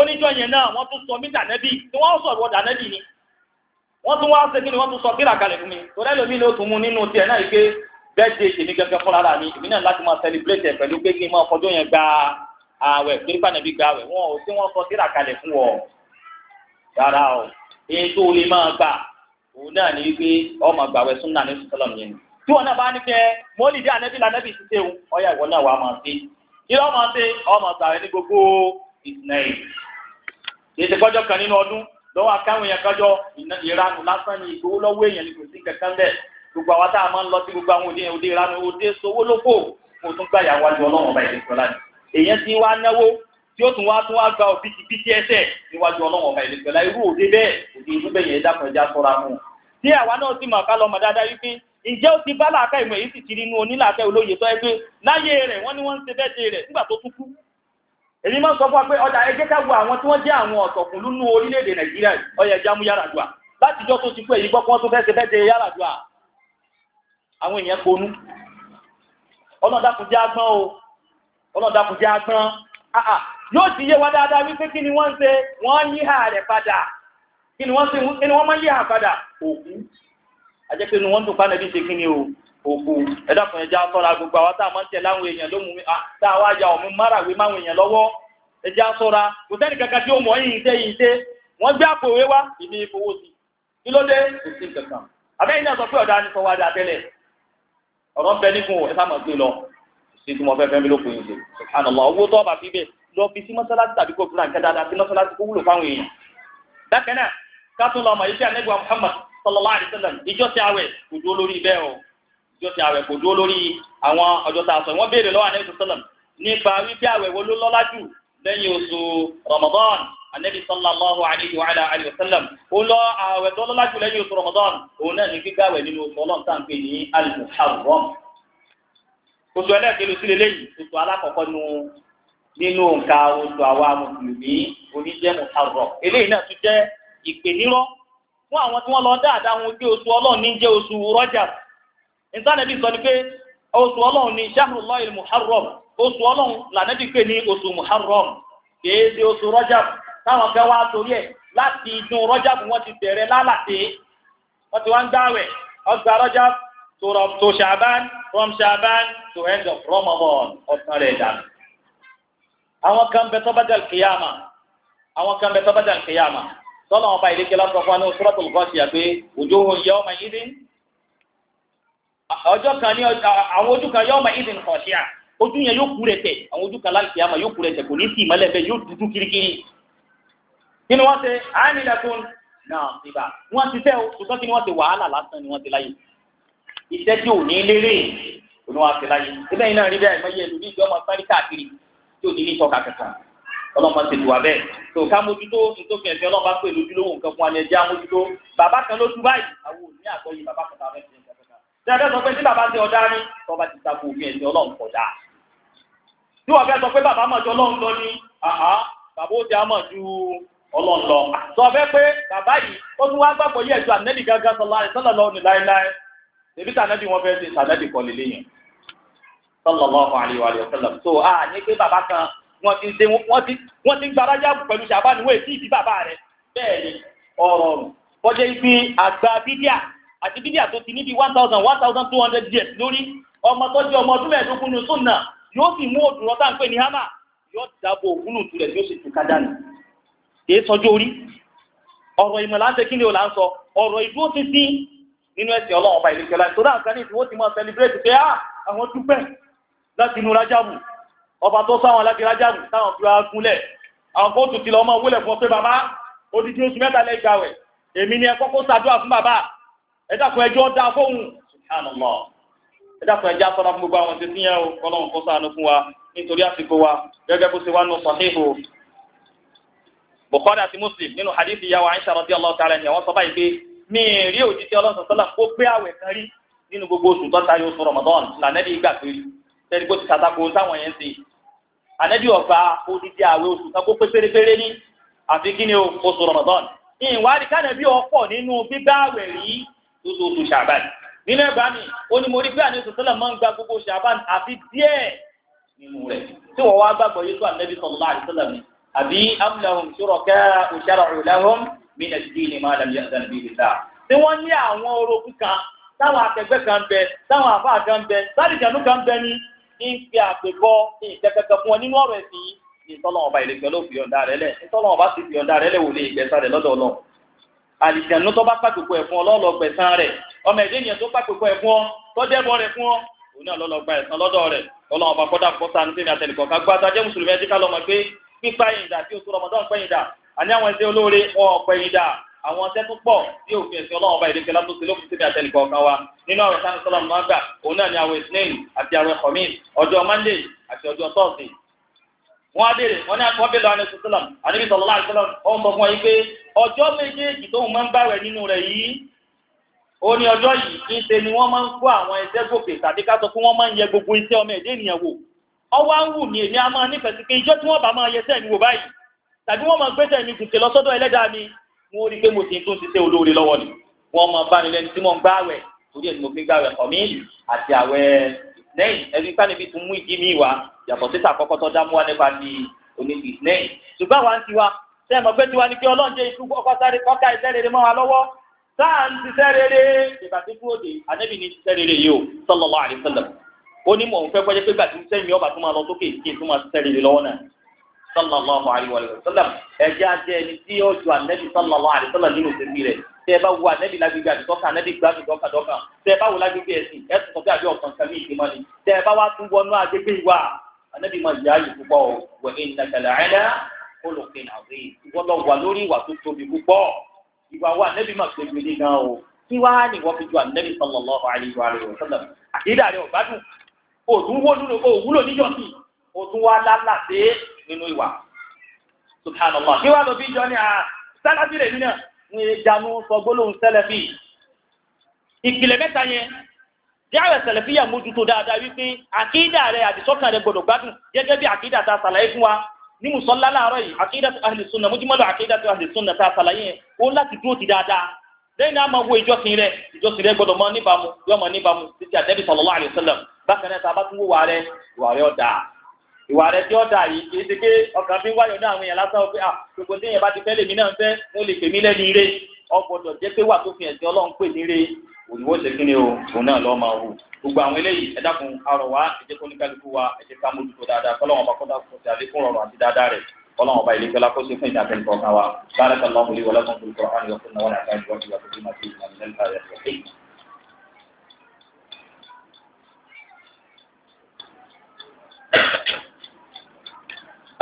Speaker 1: oníjọ́ yẹn náà wọ́n tún sọ mí dànẹ́bí tí wọ́n sọ̀rọ̀ wọ́n dànẹ́bí ni wọ́n tún wá ṣe kí ni wọ́n tún sọ kíra kalẹ̀ fún mi torí ẹlòmíì ló tún mú nínú tiẹ̀ náà yìí pé bẹ́ẹ̀dẹ̀ èmi gẹ́gẹ́ fúnra rà mí èmi náà láti máa sẹlẹ̀bírẹ̀tì pẹ̀lú pé kí n máa fọjọ́ yẹn gba ààwẹ̀ torí pàdánù gba ààwẹ̀ wọn ò tí wọ́n sọ kíra kalẹ̀ fún ọ rárá o èyí tó lè máa gbà òun náà ní wípé ọmọ gbàwẹ̀ súnà ní sùtọ́lọ̀ yẹn tí wọn náà bá ní pé mọ́lìdí ànẹ́bí lànẹ́bí ti ṣe òun ọ̀yà ìwọ náà wà á máa ṣe kí ló máa ṣe ọmọ gbàwẹ̀ ní gbogbo ìsìnẹ́yìn ètò kọjọ kan nínú ọdún lọ́wọ́ akáwọn èèyàn kọjọ ìranù lásán ni ìgbowó lọ́wọ́ èèyàn ní kò sí kankan bẹ́ẹ̀ gbogbo àwọn tá a máa ń lọ sí gbogbo àwọn òde ìranù òde sowó lóko kó tún gbàyà wájú ọlọ́wọ́n ọba ìdè tí ó tún wá tún wá gba òbítíbitì ẹsẹ̀ níwájú ọlọ́wọ́n ọba ìlú pẹ̀lú irú òde bẹ́ẹ̀ òde irú bẹ́ẹ̀ yẹn dákun ẹja sọ́ra mu. tí àwa náà sì mọ̀ ká lọ mọ̀ dáadáa wípé ǹjẹ́ ó ti bá làákà ìmọ̀ èyí sì ti rí inú onílàákà olóye tó ẹgbẹ́ láyé rẹ̀ wọ́n ní wọ́n ń ṣe bẹ́ẹ̀ rẹ̀ nígbà tó tún kú. sọ fún wa pé ọjà àwọn tí wọ́n jẹ́ àwọn ọ̀tọ̀kùn orílẹ̀ yóò ti yé wa dáadáa wípé kí ni wọ́n ń ṣe wọ́n yíhà rẹ̀ padà kí ni wọ́n ṣe kí ni wọ́n máa yíhà padà òkú àjẹpẹ́ ni wọ́n ń dùn pánẹ́ bí ṣe kí ni o òkú a kan ẹja sọ́ra gbogbo àwọn táwọn tẹ̀ láwọn èèyàn ló mú mi ah, tá a wá ya ọ̀mú máràwé máwọn èèyàn lọ́wọ́ ẹja sọ́ra kò sẹ́ni kankan tí ó mọ̀ yìí yìí wọ́n gbé àpò ìwé wá ibi ìfowó sí kí ló dé kò sí lọ fi sí mọ́sálásí tàbí kó fúnra nǹkan dáadáa sí mọ́sálásí kó wúlò fáwọn èèyàn. bákan náà kátó lọ́mọ yìí sí anẹ́gbà Muhammad sallallahu alaihi wasallam ìjọ ti àwẹ̀ kò dúró lórí bẹ́ẹ̀ o ìjọ ti àwẹ̀ kò dúró lórí àwọn ọjọ́ tá a sọ wọ́n béèrè lọ́wọ́ anẹ́gbà sallam nípa wípé àwẹ̀ wo ló lọ́lá jù lẹ́yìn oṣù Ramadan anabi sallallahu alayhi wa ala alihi wa sallam ó lọ ààwẹ̀ tó lọ́lá jùlọ yóò sọ̀rọ̀ mọ́dán òun náà ní gbígbà wẹ̀ nínú oṣù ọlọ́run tá à ń pè ní al-muharram oṣù ẹlẹ́ẹ̀kẹ́lẹ́ sí lélẹ́yìn oṣù alákọ̀ọ́kọ́ nu nínú nǹka oṣù àwa mùsùlùmí oníjẹ́ mùsàrọ̀ eléyìí náà tún jẹ́ ìpènírọ́ fún àwọn tí wọ́n lọ dáadáa wọn pé oṣù ọlọ́run ní jẹ́ oṣù rọ́jà ìtànẹ́bí sọ ni pé oṣù ọlọ́run ní shahrullahil muharram oṣù ọlọ́run lànẹ́bí pè ní oṣù muharram kìí ṣe oṣù rọ́jà táwọn fẹ́ wá torí ẹ̀ láti inú rọ́jà wọn ti bẹ̀rẹ̀ lálàtẹ̀ wọ́n ti wá ń gbàwẹ̀ ọgbà rọ́jà tó ṣàbán from ṣàbán to end of Ramadan ọ̀sán rẹ̀ dànù àwọn kan bẹ tọ́bàjà kìyàmà àwọn kan bẹ tọ́bàjà kìyàmà sọ́nà ọba ìdíkẹ́ lọ́sọ̀ fún anú sọ́rọ́tò lùkọ́sì àgbé òjò ohun yẹ ọmọ yìí dín ọjọ́ kan ní àwọn ojú kan yẹ ọmọ yìí dín kọ̀ọ̀ṣì à ojú yẹn yóò kú rẹ̀ àwọn ojú kan láti kìyàmà yóò kú rẹ̀ kò ní sí ìmọ́lẹ̀ bẹ́ẹ̀ yóò dúdú kirikiri kí ni wọ́n ṣe àánilẹ̀kùn náà síbà wọ́n ti tẹ́ o ṣùgbọ́n kí ṣe wàhálà lásán ni wọ́n ti láyè iṣẹ́ ò ní lérè tí ò ní ní tọ́ka kankan ọlọ́mọ ti tù wá bẹ́ẹ̀ tó ká mójútó nítòfin ẹ̀sìn ọlọ́mọ pé lójúlówó nǹkan fún anẹ jẹ́ amójútó bàbá kan ló tú báyìí àwọn ò ní àgbọ̀yé bàbá kan bàbá ẹ̀sìn ẹ̀sìn kankan tí a fẹ́ sọ pé tí bàbá ti ọ̀dá ni tọ́ba ti ta kò òfin ẹ̀sìn ọlọ́run kọjá tí wọ́n fẹ́ sọ pé bàbá mọ̀jú ọlọ́run lọ ni àhá bàbá ó ti àmọ̀ ju ọlọ́run lọ sọ fẹ́ pé bàbá yìí ó tún wá gbàgbọ́ yẹ̀ ju ànẹ́bì gángan sọlá àìsàn lọ́ọ̀ ní láéláé sallallahu alayhi wa sallam so a ní pé bàbá kan wọ́n ti dé wọ́n ti wọ́n pẹ̀lú ṣàbánu wẹ̀ sí ìdí bàbá rẹ̀ bẹ́ẹ̀ ni ọ̀rọ̀ bọ́jà ibi àgbà bídíà àti bídíà tó ti níbi one thousand one thousand two hundred lórí ọmọ tó jẹ́ ọmọ ọdún mẹ́ẹ̀ẹ́dógún ní sunna yóò sì mú òdùrọ̀ tá à ń pè ní hama yóò dáàbò ògúnnù tu rẹ̀ yóò sì tún kájà nù àwọn dúpẹ́ láti inú rájàmù ọba tó sáwọn láti rájàmù táwọn fi wá gúnlẹ̀ àwọn kóòtù ti lọ ọmọ wúlẹ̀ fún ọ pé bàbá odidi oṣù mẹ́ta lẹ́ gbà wẹ̀ èmi ni ẹ kọ́kọ́ ṣàdúrà fún bàbá ẹ dákun ẹjọ́ dá fóun subhanallah ẹ dákun ẹjọ́ sọ́ra fún gbogbo àwọn títí yẹn o kọ́lọ́run kó ṣàánú fún wa nítorí àsìkò wa gẹ́gẹ́ bó ṣe wá nù sọ̀híhù Bukhari àti Muslim nínú hadithi yàwó Aisha radiyallahu ta'ala ni àwọn sọ báyìí pé mi rí òjijì ọlọ́sọ̀tọ́lá kó gbé àwẹ̀ kan rí nínú gbogbo oṣù tó tayọ oṣù tẹ́lifó ti sàtakò táwọn yẹn ń sè ànẹ́bí ọ̀fà odidi àwẹ̀ oṣù kan kó pé pérépéré ní àfi kí ni o oṣù rọ̀mọ̀dọ́n ìwádìí kánẹ̀bí ọ̀pọ̀ nínú gbígbá àwẹ̀ rí oṣooṣù ṣàbàn nínú ẹ̀bá mi ó ní mo rí pé àní oṣù tẹ́lẹ̀ máa ń gba gbogbo ṣàbàn àfi díẹ̀ nínú rẹ̀ tí wọ́n wá gbàgbọ́ yéṣu ànẹ́bí sallallahu alaihi wasallam ni àbí amúlẹ̀hùn ṣúrọ̀kẹ́ òṣàrọ̀ lẹ́hùn ní fi àpèbọ ní ìtẹ́kẹ́kẹ́ fún ọ nínú ọ̀rọ̀ ẹ̀sìn yìí ní tọ́lọ́wọ́n ọba ìlẹ̀kẹ́ ló fi ọ̀dà rẹ lẹ̀ ní ọba sì fi ọ̀dà rẹ lẹ̀ wò lè gbẹ̀sán rẹ lọ́dọ̀ ọlọ́ àlìjẹ̀nu tó bá pàkókò ẹ̀ fún ọ lọ́lọ́ gbẹ̀sán rẹ̀ ọmọ ẹ̀dẹ́ ènìyàn tó pàkókò ẹ̀ fún ọ tó dẹ́bọ rẹ̀ fún ọ òun náà lọ́lọ́ gba ẹ̀sán lọ́dọ̀ àwọn ọ̀tẹ́ tó pọ̀ tí òfin ẹ̀sìn ọlọ́run ọba ìdíkẹ́ látó sílẹ̀ òfin síbi àtẹnìkọ̀ ọ̀kan wa nínú àwọn sáà sọ́lá máa gbà òun náà ni àwọn ìsìnẹ́yìn àti àwọn ẹ̀kọ́ míì ọjọ́ mande àti ọjọ́ tọ́ọ̀sì. wọ́n á béèrè wọ́n ní àkọ́kọ́ bẹ́ẹ̀ lọ́wọ́ ẹ̀sìn sọ́lá àdébí sọ̀rọ̀ láàrín sọ́lá ó sọ fún wa yìí pé ọjọ́ méjèèjì tóun máa ń bá rẹ̀ nínú rẹ̀ yìí ó ní ọjọ́ yìí kí n ṣe ni wọ́n máa ń kó àwọn iṣẹ́ gòkè tàbí ká sọ pé wọ́n máa ń yẹ gbogbo iṣẹ́ wọ́n rí pé mo ti tún ṣiṣẹ́ olóore lọ́wọ́ ni wọ́n mọ báni lẹ́ni tí mò ń gbààwẹ̀ torí ẹni mo fi gbààwẹ̀ kọ̀ mí àti àwẹ̀ lẹ́yìn ẹni sáni fi tún mú ìdí mi wá yàtọ̀ síta àkọ́kọ́ tó dá mú wa nípa ti oníbi lẹ́yìn ṣùgbọ́n àwa ń tiwa sẹ́yìn mọ̀ pé tiwa ni pé ọlọ́run jẹ́ ikú ọkọ̀ sáré kọ́ka iṣẹ́ rere mọ́ wa lọ́wọ́ sáà ń ṣiṣẹ́ rere ìbàdí kúrò dé sallallahu alaihi wasallam ó ní mò ń fẹ́ kọ́jẹ́ pé gbàtí sẹ́yìn mi ọba tó sallallahu alayhi wa sallam ẹ̀jẹ̀ ajẹ́ ẹni tí yóò ju anabi sallallahu alayhi wa sallam nínú tẹ̀sí rẹ̀ tẹ́ ẹ bá wo anabi lágbègbè àdìsọ́kà anabi gbàgbé dọ́kà dọ́kà tẹ́ ẹ bá wo lágbègbè ẹ̀sìn ẹ̀sìn sọ́kẹ́ àbí ọ̀kan kàmí ìgbìmọ̀ ni tẹ́ ẹ bá wá tún wọnú agbègbè ìwà anabi máa yá yìí púpọ̀ wẹ̀ ẹ̀ nàkàlà ẹ̀dá olùkìn àwìn ìwọ lọ wà lórí ìwà tó tóbi púpọ̀ ìwà wa anabi máa pè mí gan o kí wá ní wọ́n fi ju anabi sallallahu alayhi wa sallam àkídà rẹ̀ ọ̀gbádùn òtún wọ́n lúlò òwúlò níjọ́sìn òtún wá lálàdé nínú ìwà subhanallah kí wàá lọ bí jọ ní à sálàbí lèmi náà ń jánu sọ gbólóhùn sẹlẹfì ìpìlẹ̀ mẹ́ta yẹn jáwé sẹlẹfì yà mójútó dáadáa wípé àkídà rẹ àdìsọ́kàn rẹ gbọdọ̀ gbádùn gẹ́gẹ́ bí àkídà ta ṣàlàyé fún wa ní musọ́lá láàárọ̀ yìí àkídà tó ahli sunna mójúmọ́lò àkídà tó ahli sunna ta ṣàlàyé yẹn ó láti dúró ti dáadáa lẹ́yìn náà máa wo ìjọsìn rẹ ìjọsìn rẹ gbọdọ̀ mọ níbàámu yọ mọ níbàámu títí àtẹ́bí sallallahu alaihi bá tún wò wà rẹ wà rẹ ọ̀dà ìwà rẹ tí ó dà yìí kì í ti pé ọkàn fi ń wáyọ̀ ní àwọn èèyàn lásán pé ah, gbogbo tí èèyàn bá ti fẹ́ lèmi náà fẹ́ ó lè pèmí lẹ́nu ire ọgbọ́dọ̀ jẹ́ pé wà tó fi ẹ̀sìn ọlọ́run pè ní ire òyìnbó ṣe kí ni o òun náà lọ́ọ́ máa wù gbogbo àwọn eléyìí ẹ dákun arọ̀ wá ẹ jẹ́ kó ní kálukú wa ẹ jẹ́ ká mójútó dáadáa kọ́lọ́wọ́n bá kọ́dà kó ti àlékún rọrùn àti dáadáa rẹ̀ kọ́lọ́wọ́n bá ilé fẹ́lá kó ṣe fún ìdájọ́ nǹkan kan wa bárakàlá wọlé wọlé kan tó ń kọ́ àwọn ìyọkùn náà wọn àti àjọ ìwà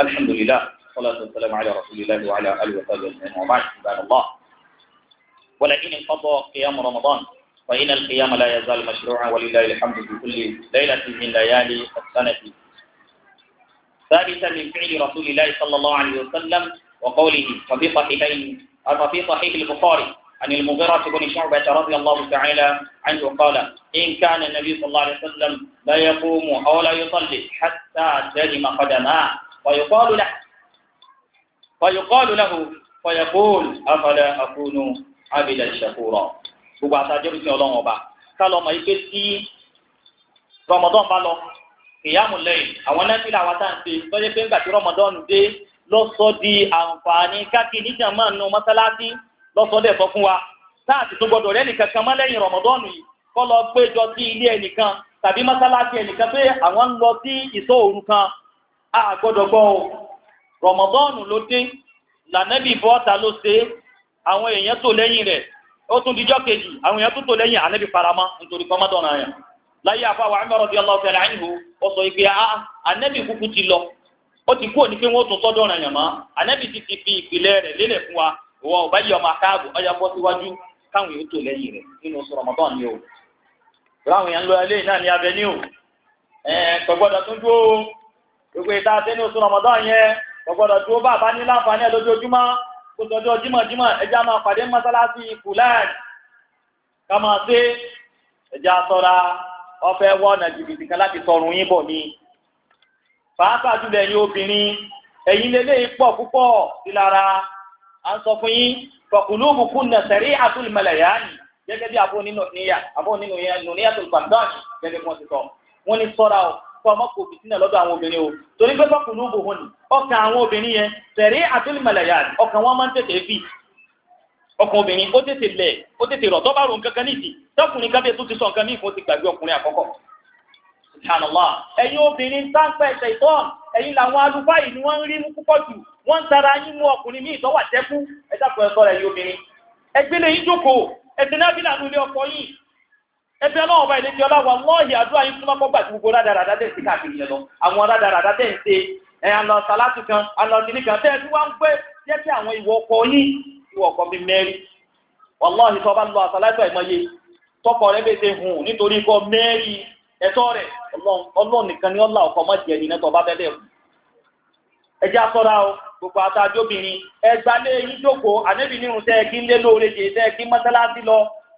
Speaker 1: الحمد لله والصلاة والسلام على رسول الله وعلى آله وصحبه أجمعين وبعد الله ولئن انقضى قيام رمضان فإن القيام لا يزال مشروعا ولله الحمد في كل ليلة من ليالي السنة ثالثا من فعل رسول الله صلى الله عليه وسلم وقوله ففي صحيحين ففي صحيح البخاري عن المغيرة بن شعبة رضي الله تعالى عنه قال إن كان النبي صلى الله عليه وسلم لا يقوم أو لا يصلي حتى تلم قدماه ويقال له ويقال له ويقول أفلا أكون عبدا شكورا gbogbo àtàjọrò sí ọlọ́run ọba ká lọ́mọ yìí pé tí rọmọdọ́n bá lọ kìyàmù lẹ́yìn àwọn nẹ́fìlà wa tá à ń ṣe tọ́jú pé ńgbà tí rọmọdọ́n di àǹfààní káàkiri níjà máa nu mọ́sálásí lọ́sọ̀ a gbọ́dọ̀ gbọ́ o rọmọdọ́ọ̀nù ló dé lànàbí bọ́ọ̀tà ló ṣe àwọn èèyàn tó lẹ́yìn rẹ̀ ó tún dijọ́ kejì àwọn èèyàn tó tó lẹ́yìn ànàbí faramọ́ nítorí kọ́mọ́dọ́ọ̀nù àyàn láyé àfáwà Umar radiyallahu ta'ala anhu ó sọ ìgbé a ànàbí kúkú ti lọ ó ti kú òní pé wọ́n tún sọ́dọ̀ ọ̀ràn fi ìpìlẹ̀ rẹ̀ lélẹ̀ fún wa ìwọ yìí ọmọ akáàbò bọ́ síwájú káwọn tó lẹ́yìn rẹ̀ ni o. ìwà àwọn èèyàn lọ ilé náà ní avenue ẹ̀ gbogbo ìta sí ní oṣù Ramadan yẹn ọgbọ́dọ̀ tí ó bá bá ní láǹfààní ẹ̀ lójoojúmọ́ kó sọjọ́ jímọ̀jímọ̀ ẹja máa pàdé mọ́sálásí fúlẹ́ẹ̀n ká máa ṣe ẹja sọ́ra ọfẹ́ wọ́ ọ̀nà jìbìtì kan láti tọrùn yín bọ̀ ni. pàápàá jùlọ ẹ̀yin obìnrin ẹ̀yin lélẹ́yìn pọ̀ púpọ̀ sí lára à ń sọ fún yín fọkùlùmù kùnà sẹ̀rí àtúlùmọ̀lẹ̀ yáàni gẹ́gẹ́ bí àbó nínú níyà àbó torí pé bọ́kùnlú bò wọ́n ni ọkàn àwọn obìnrin yẹn tẹ̀rí àtúnimọ̀lẹ̀yà ọkàn wọn máa ń tètè fi ọkàn obìnrin ó tètè lẹ̀ ó tètè rọ̀ tọ́ba ro nǹkan kan nìsí tọkùnrin kábíyè tó ti sọ nǹkan ní ìfún ti gbàgbé ọkùnrin àkọ́kọ́ subhanallah ẹ̀yin obìnrin táǹpẹ̀ ẹ̀ṣẹ̀ ìtọ́n ẹ̀yin làwọn alufáyì ni wọ́n ń rí mú púpọ̀ jù wọ́n ń tara yín ẹbí ọlọ́wọ́n bá ìlẹ́jọ́ ọlá wọn lọ́ọ̀yì àdúrà yín súnmọ́ pọ́pà tí gbogbo tẹ̀ sí káàkiri yẹn lọ àwọn tẹ̀ ń kan àlọ́ kan tí wọ́n ọkọ yín ìwọ ọkọ bíi tó bá lọ àsàlátù àìmọye tọkọ rẹ ṣe hùn nítorí kọ ẹ̀tọ́ ọlọ́run ọkọ o gbogbo yín jókòó kí ń lé lóore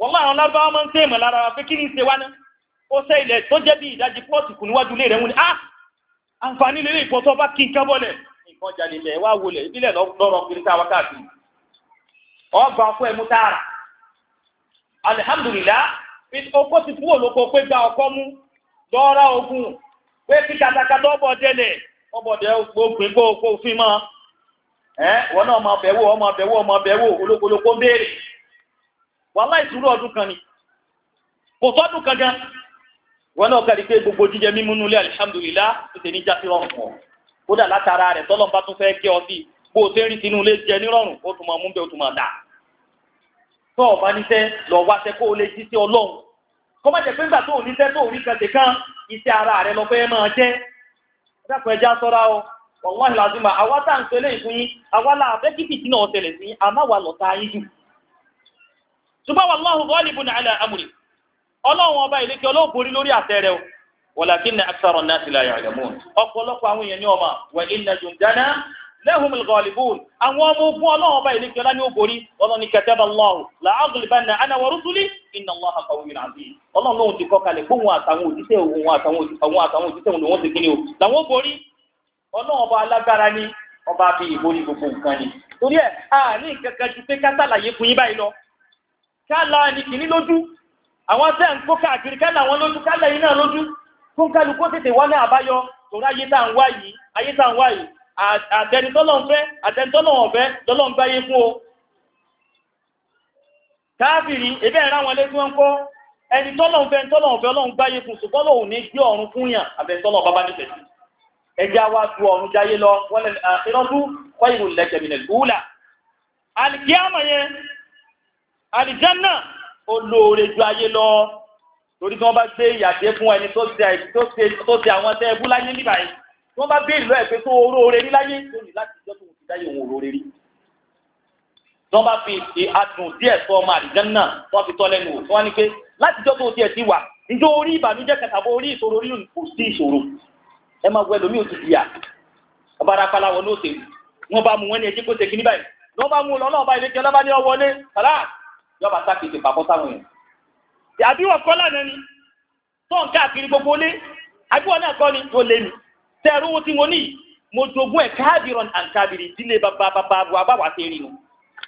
Speaker 1: wọ́n máa àwọn lábáwá ń tẹ́ ìmọ̀ lára wa pé kí ni ṣe wá ná ó sẹ́ ilẹ̀ tó jẹ́ bí ìdajì pọ́ọ̀tù kù níwájú ilé rẹ̀ ń wọlé ah àǹfààní lè lè pọ̀tọ́ bá kí n kábọ̀lẹ̀ nǹkan wá wọlé ìbílẹ̀ lọ́rọ̀ kiri táwa káàkiri ọkọ ẹ̀mú tààrà ti kúrò lóko pé gba ọkọ mú lọ́ra ogun pé kí katakata wàláhì sùúrù ọdún kan ni kò tọ́dún kan gan wọn náà kàrí pé gbogbo jíjẹ mímú nulẹ̀ alihamudulilá tó ti ní jásí rọrùn fún ọ kódà látara rẹ̀ tọ́lọ́mbà tún fẹ́ kí ọ sí bó o ṣe ń rí tinú ilé jẹ nírọ̀rùn ó tún máa mú bẹ́ẹ̀ ó tún máa dà tó ọba níṣẹ́ lọ wáṣẹ́ kó o lè jí sí ọlọ́run kó má jẹ́ pé nígbà tó o níṣẹ́ tó o rí kan ṣe iṣẹ́ ara rẹ̀ lọ fẹ́ máa jẹ́ dákun o wọ́n wá ìlàzùmọ̀ àwa tá à ń sọ eléyìí fún yín àwa là fẹ́ kí fìtínà ọ̀sẹ̀lẹ̀ sí àmáwá lọ̀tá yín jù ṣùgbọ́n wallahu ghalibun ala amri ọlọ́run ọba ìlékè olóògbórí lórí àtẹ rẹ o walakinna akthara an-nasi la ya'lamun ọ̀pọ̀lọpọ̀ àwọn èèyàn ní ọmọ wa inna jundana lahumul ghalibun àwọn ọmọ ogun ọlọ́run ọba ìlékè ọlá ní ògbórí ọlọ́ni kataba Allahu la'aghlibanna ana wa rusuli inna Allaha qawiyyun aziz ọlọ́run lóhun ti kọ́ kalẹ̀ gbóhun àtàwọn òjíṣẹ́ òun àtàwọn òjíṣẹ́ òun lòun ti kíni o làwọn ògbórí ọlọ́run ọba alágbára ni ọba bíi ìborí gbogbo nǹkan ni torí ẹ̀ àárín kankan ju pé kátàlàyé fún yín báyìí lọ kálá ní kìíní lójú àwọn tẹ́ ń kó káàkiri kálá wọn lójú kálá yìí náà lójú fún kálukú tètè wá ní àbáyọ torí ayé tá à ń wá yìí ayé tá à ń wá yìí àtẹnitọ́lọ́ ń fẹ́ àtẹnitọ́lọ́ ọ̀fẹ́ lọ́lọ́ ń gbáyé fún o káàkiri ebẹ́ ẹ̀rá wọn lé tí wọ́n kọ́ ẹni tọ́lọ̀ ń fẹ́ tọ́lọ̀ ọ̀fẹ́ ọlọ́run gbáyé fún ṣùgbọ́n lòun ní gbé ọ̀run fún lọ wọ́n lẹ́nu àṣírọ́dún kọ́ ìrùlẹ̀kẹ̀mìnà lùúlà àlìkíyàmọ̀ yẹn àlìjánà olóore ju ayé lọ torí tí wọ́n bá gbé ìyàdé fún ẹni tó ṣe àwọn ẹsẹ̀ ẹbú láyé níbà yìí tí wọ́n bá gbé ìlú ẹ̀ pé tó oróore rí láyé tó ní láti jọ́ tó ti dáyé òun oróore rí tí wọ́n bá fi adùn díẹ̀ sọ ọmọ àlìjánà wọ́n fi tọ́ lẹ́nu wò tí wọ́n ní pé láti jọ́ tó tiẹ̀ ti wà njó orí ìbànújẹ́ kẹta bó orí ìṣòro rí kò sí ìṣòro ẹ máa wẹ lómi òtútù yà abarapala wọn ló ṣe wọn bá mú wọn ní ẹjẹ kó ṣe kíní báyìí lọ́ bá mú lọ́nà ọba ìlẹ́kẹ́ lọ́ba ní ọ wọlé yọba sákèké papọ̀ sáwọn yẹn. àbí wọn kọ́ lánàá ni tó ń káàkiri gbogbo lé àbí wọn náà kọ́ ni tó lé mi tẹ̀rù wo tí mo ní mo jogún ẹ̀ káàbìrọ̀ àǹkàbìrì ìdílé bàbá bàbá àbúrò àbáwá ṣe rí o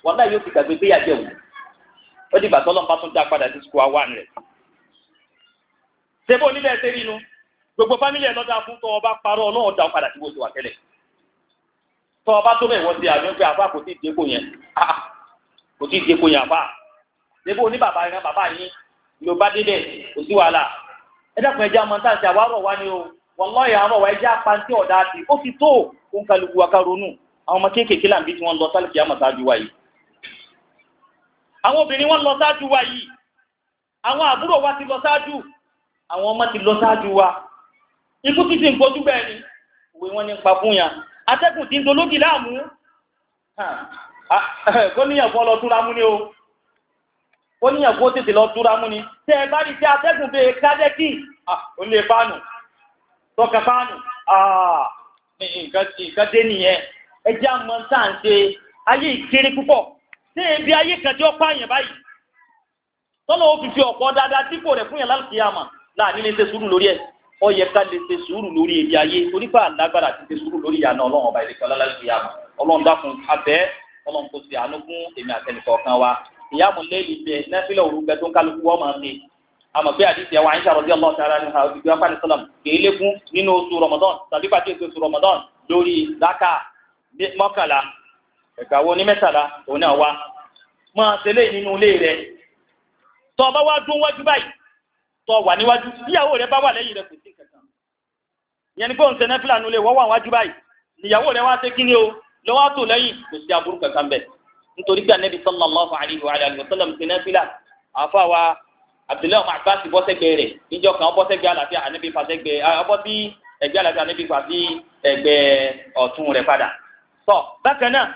Speaker 1: wọn náà yóò ti gbàgbé gbé yàjẹ́ o ó dìgbà tó lọ́nba tó dá padà sí sukùl àwọn rẹ̀. ṣé bó nílẹ̀ ẹ̀ ṣe rí nu gbogbo fámìlì ẹ̀ lọ́dà fún tọ́ ọba parọ́ ọlọ́run dá ṣébó ní bàbá yẹn bàbá yín ló bá débẹ̀ kò sí wàhálà ẹ dákun ẹjẹ àmọ́ táàsì àwárọ̀ wá ni o wọn lọ́ yà àárọ̀ wá ẹjẹ apáńtí ọ̀dà àti ó fi tó kó ń kálukú wa ká ronú àwọn ọmọ kéékèèké làǹbí tí wọ́n lọ sálùkì àmọ̀ ṣáájú wa yìí àwọn obìnrin wọn lọ ṣáájú wa yìí àwọn àbúrò wa ti lọ ṣáájú àwọn ọmọ ti lọ ṣáájú wa ikú ti ti ń gbójú bẹ́ẹ̀ ni òwe wọn ní ń pa fún yàn atẹ́kùn ti ń dológì láàmú gómìnà fún ọlọ́tún ni o ó ní ẹ̀kọ́ tètè lọ túra mú ni tẹ́ ẹ bá rí tí atẹ́gùn bẹ́ẹ̀ kádẹ́kì ó lè fáànù tọ́ka fáànù nǹkan dé nìyẹn ẹ jẹ́ àmọ́ tá à ń ṣe ayé ìkéré púpọ̀ ṣé ebi ayé kan tí ó pààyàn báyìí tọ́lọ́ ó fi fi ọ̀pọ̀ dáadáa dípò rẹ̀ fún yàn lálùkìyàmà láàánú lè ṣe sùúrù lórí ẹ̀ ó yẹ ká lè ṣe sùúrù lórí ebi ayé onípa àlágbára ti ṣe sùúrù lórí ìyànà ọlọ́run ọba ìlẹ̀kẹ́ ọlọ́lá lálùkìyàmà ọlọ́run dákun abẹ́ ọlọ́run kò sí àánú fún èmi àtẹnìkọ̀ọ̀kan wa ìyáàmù lẹ́yìn bẹ nẹ́fílẹ̀ òru bẹ tó ń kálukú wọ́n máa ṣe àmọ̀ pé àdìsí ẹ̀wọ̀n àyíṣà rọ̀dí ọlọ́ọ̀tà ara ní àwọn ìgbìyànjú apá nìsọ́lọ̀m kèé lékún nínú oṣù rọmọdán tàbí pàtó èso oṣù rọmọdán lórí dáká mọ́kànlá ẹ̀ka wo ní mẹ́tàlá òun náà wá máa ṣe léyìn nínú ilé rẹ tó bá wá dún wájú báyìí tó wà níwájú níyàwó rẹ bá wà lẹ́yìn rẹ kò sí kankan ìyẹn ni pé òun ṣe nẹ́fílà nulẹ̀ wà wájú báyìí níyàwó rẹ wá ṣe kí ni o lọ́wọ́ tó lẹ́yìn kò sí aburú kankan bẹ́ẹ̀ nítorí pé anabi sallallahu alayhi wa alayhi wa sallam ti náfìlà àfa wa abdullahi ọmọ àgbà ti bọ́sẹ̀gbẹ́ rẹ̀ níjọ kan bọ́sẹ̀gbẹ́ àlàáfíà anabi fàṣẹgbẹ́ ọbọ̀ sí ẹgbẹ́ àlàáfíà anabi fàṣí ẹgbẹ́ ọ̀tún rẹ̀ padà. sọ bákan náà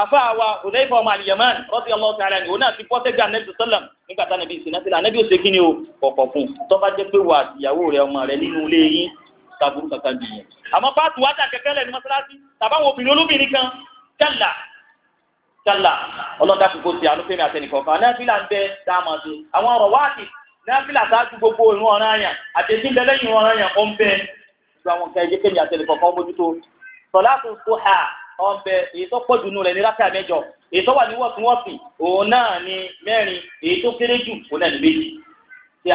Speaker 1: àfa wa Hudayfa ọmọ al-Yaman radiyallahu ta'ala ni òun náà ti bọ́sẹ̀gbẹ́ anabi sallam nígbà tá anabi sì náfìlà anabi òsè kí ni o pọ̀pọ̀ fún tó bá jẹ́ pé wà ìyàwó rẹ̀ ọmọ rẹ̀ nínú ilé kálá ọlọ́dà kókó ti àánú fẹ́mi àtẹnìkọ̀ọ̀kan náfìlà ń bẹ dáàmà sí àwọn ọ̀rọ̀ wáàtì náfìlà sáájú gbogbo ìrún ọ̀ràn àyàn àtẹ̀sí bẹ lẹ́yìn ìrún ọ̀ràn àyàn ó ń bẹ gbogbo àwọn nǹkan ẹ̀jẹ̀ fẹ́mi àtẹnìkọ̀ọ̀kan mójútó sọlá tó kó ha ó ń bẹ èyí tó pọ̀jù nù rẹ̀ ní rákà mẹ́jọ èyí tó wà ní wọ̀túnwọ̀sì òun náà ni mẹ́rin èyí tó kéré jù ni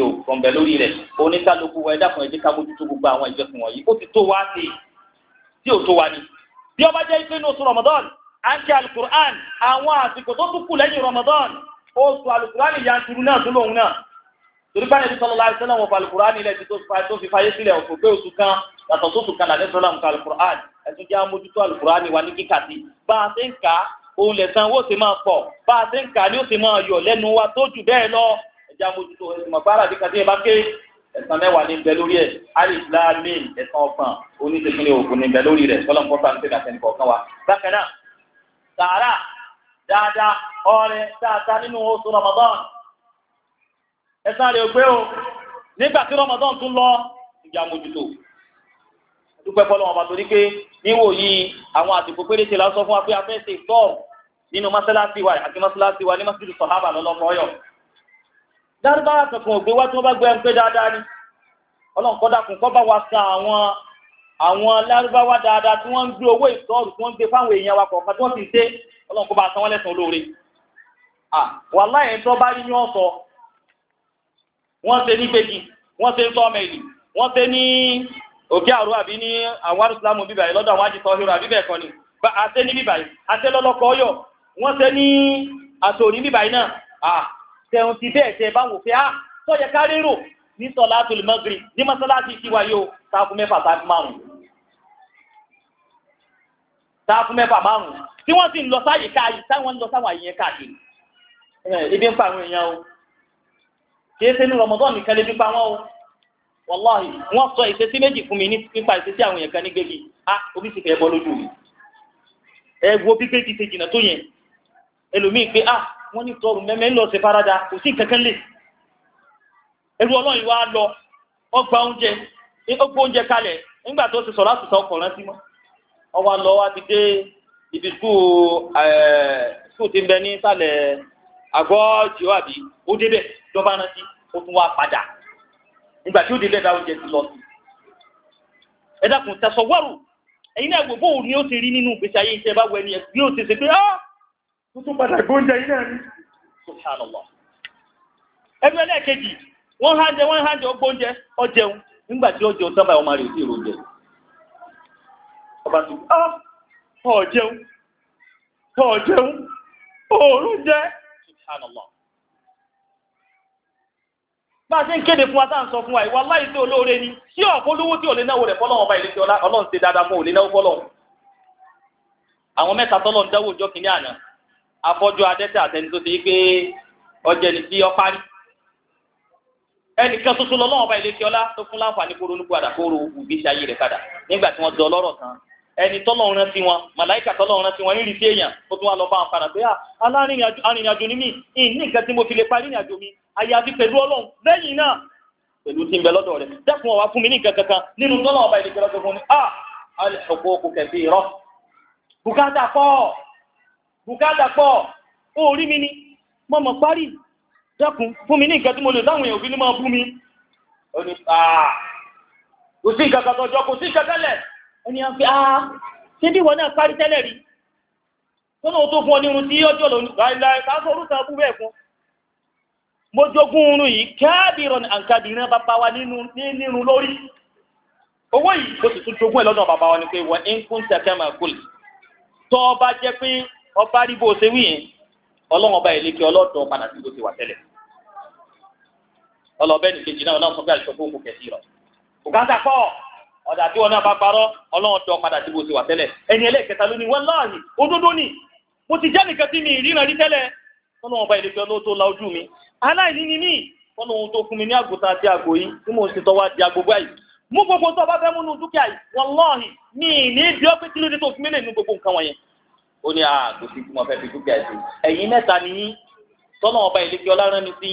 Speaker 1: òkùnkùn bẹ lórí rẹ̀ oníkálukú wa ẹ̀dá kan ẹ̀jẹ̀ ká mójútó gbogbo àwọn ìjọsìn wọ̀nyí ó ti tó wá sí i tí ò tó Ramadan àti alukur'an àwọn àsìkò tó tún kù lẹ́yìn Ramadan oṣù alukur'an yanturu náà tún lòun náà torí báyìí ní sọlọ́lá àti sọlọ́wọ́n fa alukur'an ilẹ̀ tí tó fi fayé sílẹ̀ òkú pé oṣù kan yàtọ̀ sóṣù kan làdé sọlọ́wọ́n ka alukur'an ẹ̀sùn jẹ́ amójútó alukur'an wa ní kíkà sí bá a ṣe ń kà á òun lẹ̀sán owó ṣe máa pọ̀ bá a ṣe ń kà á ni ó ṣe máa yọ lẹ́nu wa tó jù bẹ́ẹ̀ lọ ẹ̀jẹ̀ amójútó ẹ̀sán mẹ́wàá ní bẹ lórí ẹ̀ alif ẹ̀sán ọ̀gbọ̀n oníṣègùn ní ní bẹ lórí rẹ̀ sọlọ́n kọ́ta ń tẹ̀lé àtẹnìkọ̀ọ̀kan wa bákan náà tààrà dáadáa ọrẹ dáadáa nínú oṣù Ramadan ẹsàn rẹ̀ ògbé o nígbàtí Ramadan tún lọ ìjà dúpẹ́ fọlọ́ wọn torí pé níwò yìí àwọn àsìkò péréte la sọ fún wa pé fẹ́ ṣe tọ́ọ̀ nínú mọ́sálásí wa àti wa ní sọ̀hábà ni kọ́ bá wa àwọn lárúbáwá dáadáa tí wọ́n ń gbé owó ìtọ́rù tí wọ́n ń gbé fáwọn èèyàn wa kọ̀ọ̀kan tí wọ́n ti dé ọlọ́run kó bá san wọ́n lẹ́sàn olóore wà láyé tó bá rí ní ọ̀sọ̀ wọ́n ṣe ní gbèjì wọ́n ṣe ń tọ́ ọmọ ìlú wọ́n ṣe ní òkè àrò àbí ní àwọn arúsùlámù bíbà yìí lọ́dọ̀ àwọn àjì tọ́hìrò àbí bẹ́ẹ̀ kọ́ ni àṣẹ ní bíbà yìí àṣẹ lọ́lọ́kọ̀ ọyọ̀ wọ́n ṣe ní àṣòrí bíbà yìí náà tẹ̀hún ti bẹ́ẹ̀ tẹ báwo fẹ́ á sọ́yẹ ká rérò ní sọláàtù lùmọ́gìrì ní mọ́sálásí tiwa yóò sáfù mẹ́fà sáfù márùn-ún sáfù mẹ́fà márùn-ún tí wọ́n sì ń lọ sáyè káyì táwọn ń lọ sáwọn àyè yẹn káàkiri ebi ń pa àwọn èèyàn o kì í ṣe ní rọmọdán nìkan lè fi pa wọn o wàláhì wọ́n sọ ìṣesí méjì fún mi nípa ìṣesí àwọn èèyàn kan ní gbégi a ah, omi sì fẹ́ bọ́ lójú mi ẹ wo bí gbégi ṣe jìnnà tó yẹn ẹlòmíì pé a ah, wọ́n ní tọrùn mẹ́mẹ́ ń lọ sí farada kò sí nǹkan kan lè ẹrú ọlọ́run wá lọ wọ́n oúnjẹ ó oúnjẹ kalẹ̀ nígbà tó ti sọ láti sọ ọkọ̀ rántí mọ́ ti dé ibi skul ti ń bẹ ní àgọ́ ji àbí ó débẹ̀ lọ́ba rántí ó tún wá padà nígbà tí ó débẹ̀ dá oúnjẹ ti lọ sí ẹ dákun náà gbogbo òun ni ó ti rí nínú ìgbésí ayé bá ó ti ṣe pé ah! padà gbóúnjẹ yìí wọ́n há jẹ wọ́n há jẹ ọgbọ́n jẹ ọjẹun nígbà tí ó jẹun sábà ọmọ rẹ̀ sí ìrò jẹ ọba tó ọ ọjẹun òórùn jẹ subhanallah bá a ṣe ń fún wa fún wa ìwà olóore ni tí ọ̀pọ̀ tí ò rẹ̀ fọlọ́run ọba ọlọ́run dáadáa mọ́ ẹnìkan tuntun lọ lọ́wọ́ ọba ìlẹ́kẹ́ ọlá tó fún láǹfààní kó ronú padà kó ro ìgbésí ayé rẹ̀ padà nígbà tí wọ́n dọ lọ́rọ̀ tán ẹni tọ́lọ́run rántí wọn màláìkà tọ́lọ́run rántí wọn nírìí sí èèyàn ó tún wá lọ bá wọn padà pé ah, arìnrìnàjò ni mí ìní nǹkan tí mo fi lè parí ìrìnàjò mi àyàfi pẹ̀lú ọlọ́run lẹ́yìn náà pẹ̀lú tí ń bẹ lọ́dọ̀ rẹ̀ dákun ọ̀wá fún mi ní nǹkan kankan nínú tọ́lọ́run ọba ìlẹ́kẹ́ lọ́dọ̀ fún mi ah alẹ́kọ̀ọ́kọ̀ kẹfì rọ bùkátà pọ̀ bùkátà pọ̀ ó rí mi ni mo mọ̀ parí sẹ́kùn fún mi ní nǹkan tí mo lè láwọn èèyàn òbí ní máa bú mi ó ní àà kò sí nǹkan kan tọjọ́ kò sí nǹkan tẹ́lẹ̀ ó ní àfi àà ṣé bí wọn náà parí tẹ́lẹ̀ rí tó náà tó fún ọ ní irun tí ọjọ́ lòun láìláì ká ni pé wọ́n ń kún tẹ̀kẹ́ máa kúlì tó ọba jẹ́ pé ọba rí bó ṣe wí yẹn ọlọ́bẹ̀ nìkejì náà náà sọ pé àṣọ gbogbo kẹsì rọ bùkátà pọ̀ ọ̀dà tí wọn náà bá parọ́ ọlọ́run tọ́ padà tí mo ti wà tẹ́lẹ̀ ẹni ẹlẹ́ẹ̀kẹta ló ní wàláhì òdodo ni mo ti jẹ́ nìkan tí mi ìríran rí tẹ́lẹ̀ wọn ọba ìlẹ́fẹ́ ló tó la ojú mi aláìní ni mí wọn ohun tó fún mi ní àgùntàn àti àgò yìí tí mo sì tọ́ wá di àgbo báyìí mú gbogbo tó bá fẹ́ múnú nu dúkìá yìí ẹ̀yin mẹ́ta mi sí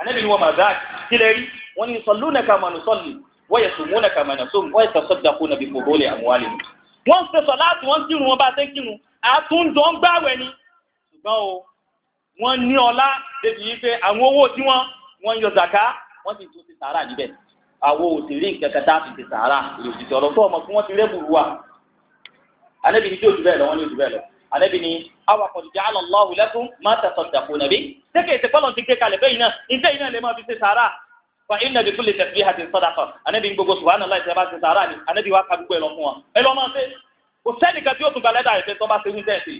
Speaker 1: ànábì ni wọ́n máa dáàkì kílẹ̀ rí wọ́n ní sọlúnà kà mànú sọ́ọ̀lì wọ́n yẹ sùnmúnà kà mànú sọ́ọ̀lì wọ́n yẹ sọ́ọ̀dà kó nàbí kò bóòlì àwọn àlè wọ́n ń sẹ́sọ̀ láti wọ́n kírun wọn bá ṣe kírun àtúndọ̀ ń gbàwẹ̀ ni ṣùgbọ́n o wọ́n ní ọlá débi yìí pé àwọn owó tí wọ́n wọ́n yọ zàká wọ́n sì tún ti sàárà níbẹ̀ àwọn òṣèré nǹkan tá a fi ti sàárà lòdì sí ọ̀rọ̀ ọmọ fún wọn ti rẹ́bùrú wa ànábì ni ànábì ni awa kò jẹ́ alọ́láhu lẹ́kùn má tẹ̀sán dàpọ̀ nàbí. sẹ́kẹ̀ ìsìnkú ọlọ́run ti gbé kalẹ̀ bẹ́yìn náà iṣẹ́ yìí náà lè máa fi ṣe sàárà fa inna bi kulli tasbihatin sadaqa ànábì gbogbo subhanallahi ṣe bá ṣe sàárà ni ànábì wa ka gbogbo ẹ̀ lọ fún wa ẹ lọ́ máa ṣe kò sẹ́nìkan tí yóò tún balẹ̀ dà ẹ̀fẹ́ tó bá ṣe wíńdẹ̀ sí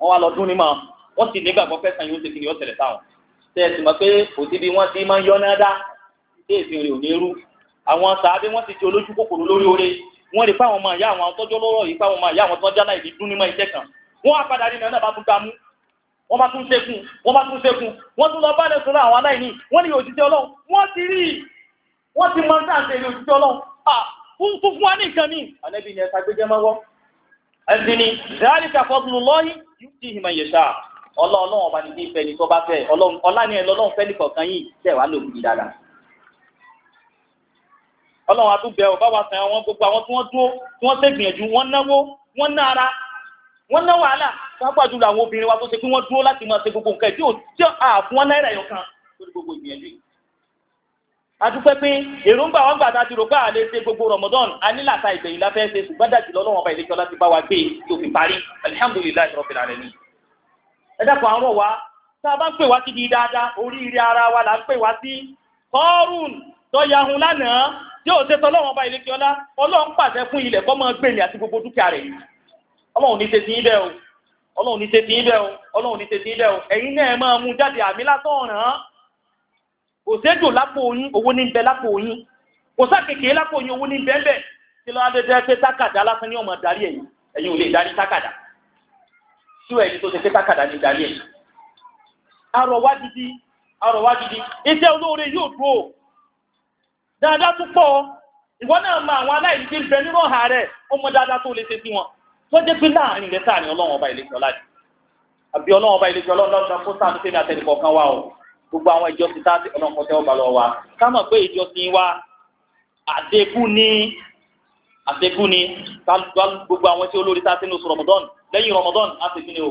Speaker 1: wọn wá lọ dún ní máa wọn sì nígbàgbọ́ fẹ́ san yóò ṣe kí ni yóò tẹ̀lé táwọn tẹ́ ẹ sì mọ̀ pé kò síbi wọn ti máa ń yọ náà dá tí èsì rẹ̀ ò ní rú ti di olójú kòkòrò wọ́n á padà rí náà bá tún gbámú wọ́n bá tún ṣekún wọ́n bá tún ṣekún wọ́n tún lọ bá lẹ́sùn láwọn aláìní wọ́n ní òjíṣẹ́ ọlọ́run wọ́n ti rí wọ́n ti mọ sáà ṣe òjíṣẹ́ ọlọ́run fún fún fún wa ní nǹkan míì ànẹ́bí ni ẹ̀ka gbẹ́jẹ́ mọ́wọ́ ẹ̀sìn ni ìhálì kàfọ́dún lọ́yìn yóò ti hìmọ̀ yẹ̀ṣà ọlọ́ọ̀lọ́wọ̀n ọba ní ìfẹ́ ni tó bá fẹ́ ọlá ni ẹlọ́lọ́wọ̀n fẹ́ nìkọ̀ọ̀kan yìí tẹ̀ wá lòun yìí dáadáa ọlọ́wọ̀n àtúbẹ̀ ọba wa sàn àwọn gbogbo àwọn tí wọ́n dúró tí wọ́n tẹ̀gbìyànjú wọ́n náwó wọ́n nára wọ́n ná wàhálà sábà jùlọ àwọn obìnrin wa tó ṣe pé wọ́n dúró láti máa ṣe gbogbo nǹkan tí ò tí à fún wọn náírà yọ kan lórí gbogbo ìgbìyànjú yìí. adúpẹ́ pé èròǹgbà wọn gbàdá ti rò pé àlè ṣe gbogbo Ramadan anílàta ìgbẹ̀yìn la fẹ́ ṣe ṣùgbọ́n dàjù lọ́wọ́ ọba ìlẹ́jọ́ láti bá wa gbé tó fi parí alihamudulilayi rabbil alamin. ẹ dákun àwọn wa tá a bá ń pè wá síbi dáadáa oríire ara wa là ń pè wá sí kọ́ọ̀rùn tó yahun lánàá tí ò ṣe tọ́lọ́wọ́n ọba ìlẹ́jọ́ lá ọlọ́run pàṣẹ fún ilẹ̀ kọ́ máa ọlọ́run ní ṣe ti ibẹ̀ o ọlọ́run ní ṣe ti ibẹ̀ o ọlọ́run ní ṣe ibẹ̀ o ẹ̀yin náà máa mú jáde àmì látọ̀ kò séjò lápò yín owó ní bẹ lápò yín kò sákèké lápò yín owó ní bẹ́ẹ̀bẹ́ kí ló pé ò lè darí tákàdá tí tó ṣe pé tákàdá ní darí ẹ̀yìn arọ̀wá gidi arọ̀wá gidi iṣẹ́ olóore yóò dúró dáadáa tó pọ̀ ìwọ náà tọ́jú pé láàrin rẹ̀ sáà ní ọlọ́run ọba ìlẹ́jọ́ láti àbí ọlọ́run ọba ìlẹ́jọ́ ọlọ́run kó sáà ní sẹ́ni àtẹnìkọ̀ kan wá o gbogbo àwọn ìjọ ti sáà ọlọ́run kan tẹ́wọ́ bá lọ wa ká mọ̀ pé ìjọ ti wá àdékù ní àdékù ní gbogbo àwọn tí olórí sáà sínú Ramadan lẹ́yìn Ramadan á ti fi ní o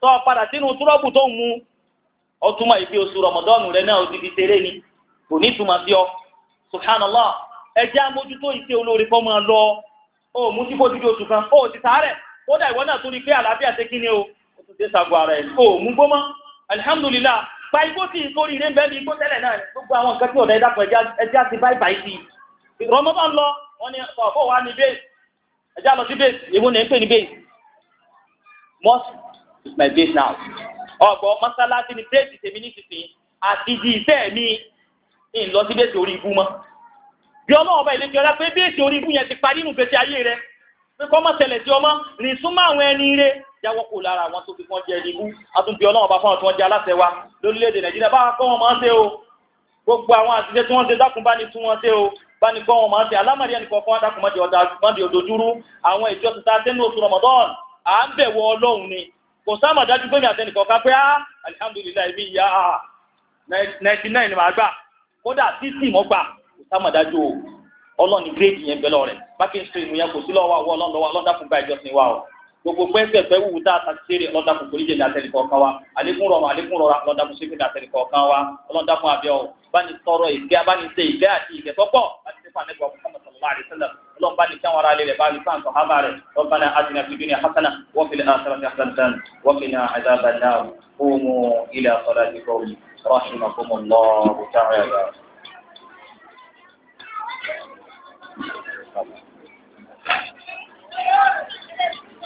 Speaker 1: tọ́ padà sínú túrọ́bù tó ń mu ó túmọ̀ ìfi oṣù rọmọdọ́ọ̀nù rẹ náà ó ti fi ṣeré ni kò ní túmọ̀ sí ọ subhanallah ẹ jẹ́ amójútó ìṣe olóore kọ́ máa lọ ó mú sí fojú oṣù kan ó ti sàárẹ̀ kódà ìwọ náà torí pé àlàáfíà ṣe kí ni o ó tún ṣe sago ara ẹ̀ ó mú gbọ́mọ́ alihamudulilá pa igbó tí ìkórè rẹ̀ ń bẹ́ẹ̀ bí igbó tẹ́lẹ̀ náà gbogbo àwọn nǹkan tí ọ̀dà ẹ̀dá kan ti báyìí báyìí sí i rọmọdọ́ọ̀nù lọ wọn ni ọ̀pọ̀ wa ni bẹ́ẹ̀ ẹja lọ sí bẹ́ẹ̀ èwo ni ẹ ń pè ní bẹ́ẹ̀ mọ́sí it's my base now ọgbọ mọ́sálásí ni bírèkì tèmi nísinsìnyí àti di iṣẹ́ mi ń lọ sí bírèkì orí ibú mọ́ bí ọlọ́wọ́ bá ilé fi ọlá pé bírèkì orí ibú yẹn ti parí nù gbèsè ayé rẹ pé kọ́mọ́ tẹ̀lẹ̀ sí ọmọ rìn súnmọ́ àwọn ẹni rẹ jáwọ́ kó lára àwọn tó fi fún ọjọ́ ẹni ibú àtúntì ọlọ́wọ́ bá fún àwọn tó wọ́n jẹ́ aláṣẹ wa lórílẹ̀‐èdè nàìjíríà bá kọ́ wọn máa ń ṣe o gbogbo àwọn àṣìṣe tí wọ́n ṣe dákun bá ní tún wọn ṣe o bá ní kọ́ wọn máa ń ṣe alámọ̀rí ẹnì kọ̀ọ̀kan dákun mọ́dì ọ̀dọ́dúró àwọn ìjọ tuntun àtẹnu oṣù rọmọdọ́ọ̀nù à ń bẹ̀wọ̀ ọlọ́run ni kò sáàmà dájú pé mi àtẹnìkan ká pé á ah, alihamudulilayi mi yá ah, ninety nine ni màá gbà kódà títì mọ́ gbà kò sáàmà dájú o ọlọ́run ní yẹn bẹ́lọ̀ rẹ̀ bákin stream kò gbogbo pẹ́ẹ́sẹ̀ pẹ́ tá a ta ṣeré ọlọ́dà fún kòríjẹ ní wa rọrùn rọra ọlọ́dà fún ṣẹ́fẹ̀ ní àtẹnìkan kan wa ọlọ́dà tọrọ àti tọ́pọ̀ fún àmì ìwà Muhammad sallallahu alaihi wasallam ọlọ́run bá ní kí àwọn ará ilẹ̀ bá rí fáǹsọ̀ hábà rẹ̀ Rabbana atina fid dunya hasana wa fil akhirati hasanatan wa qina adhaban nar qumu ila salatikum rahimakumullahu ta'ala. Thank you.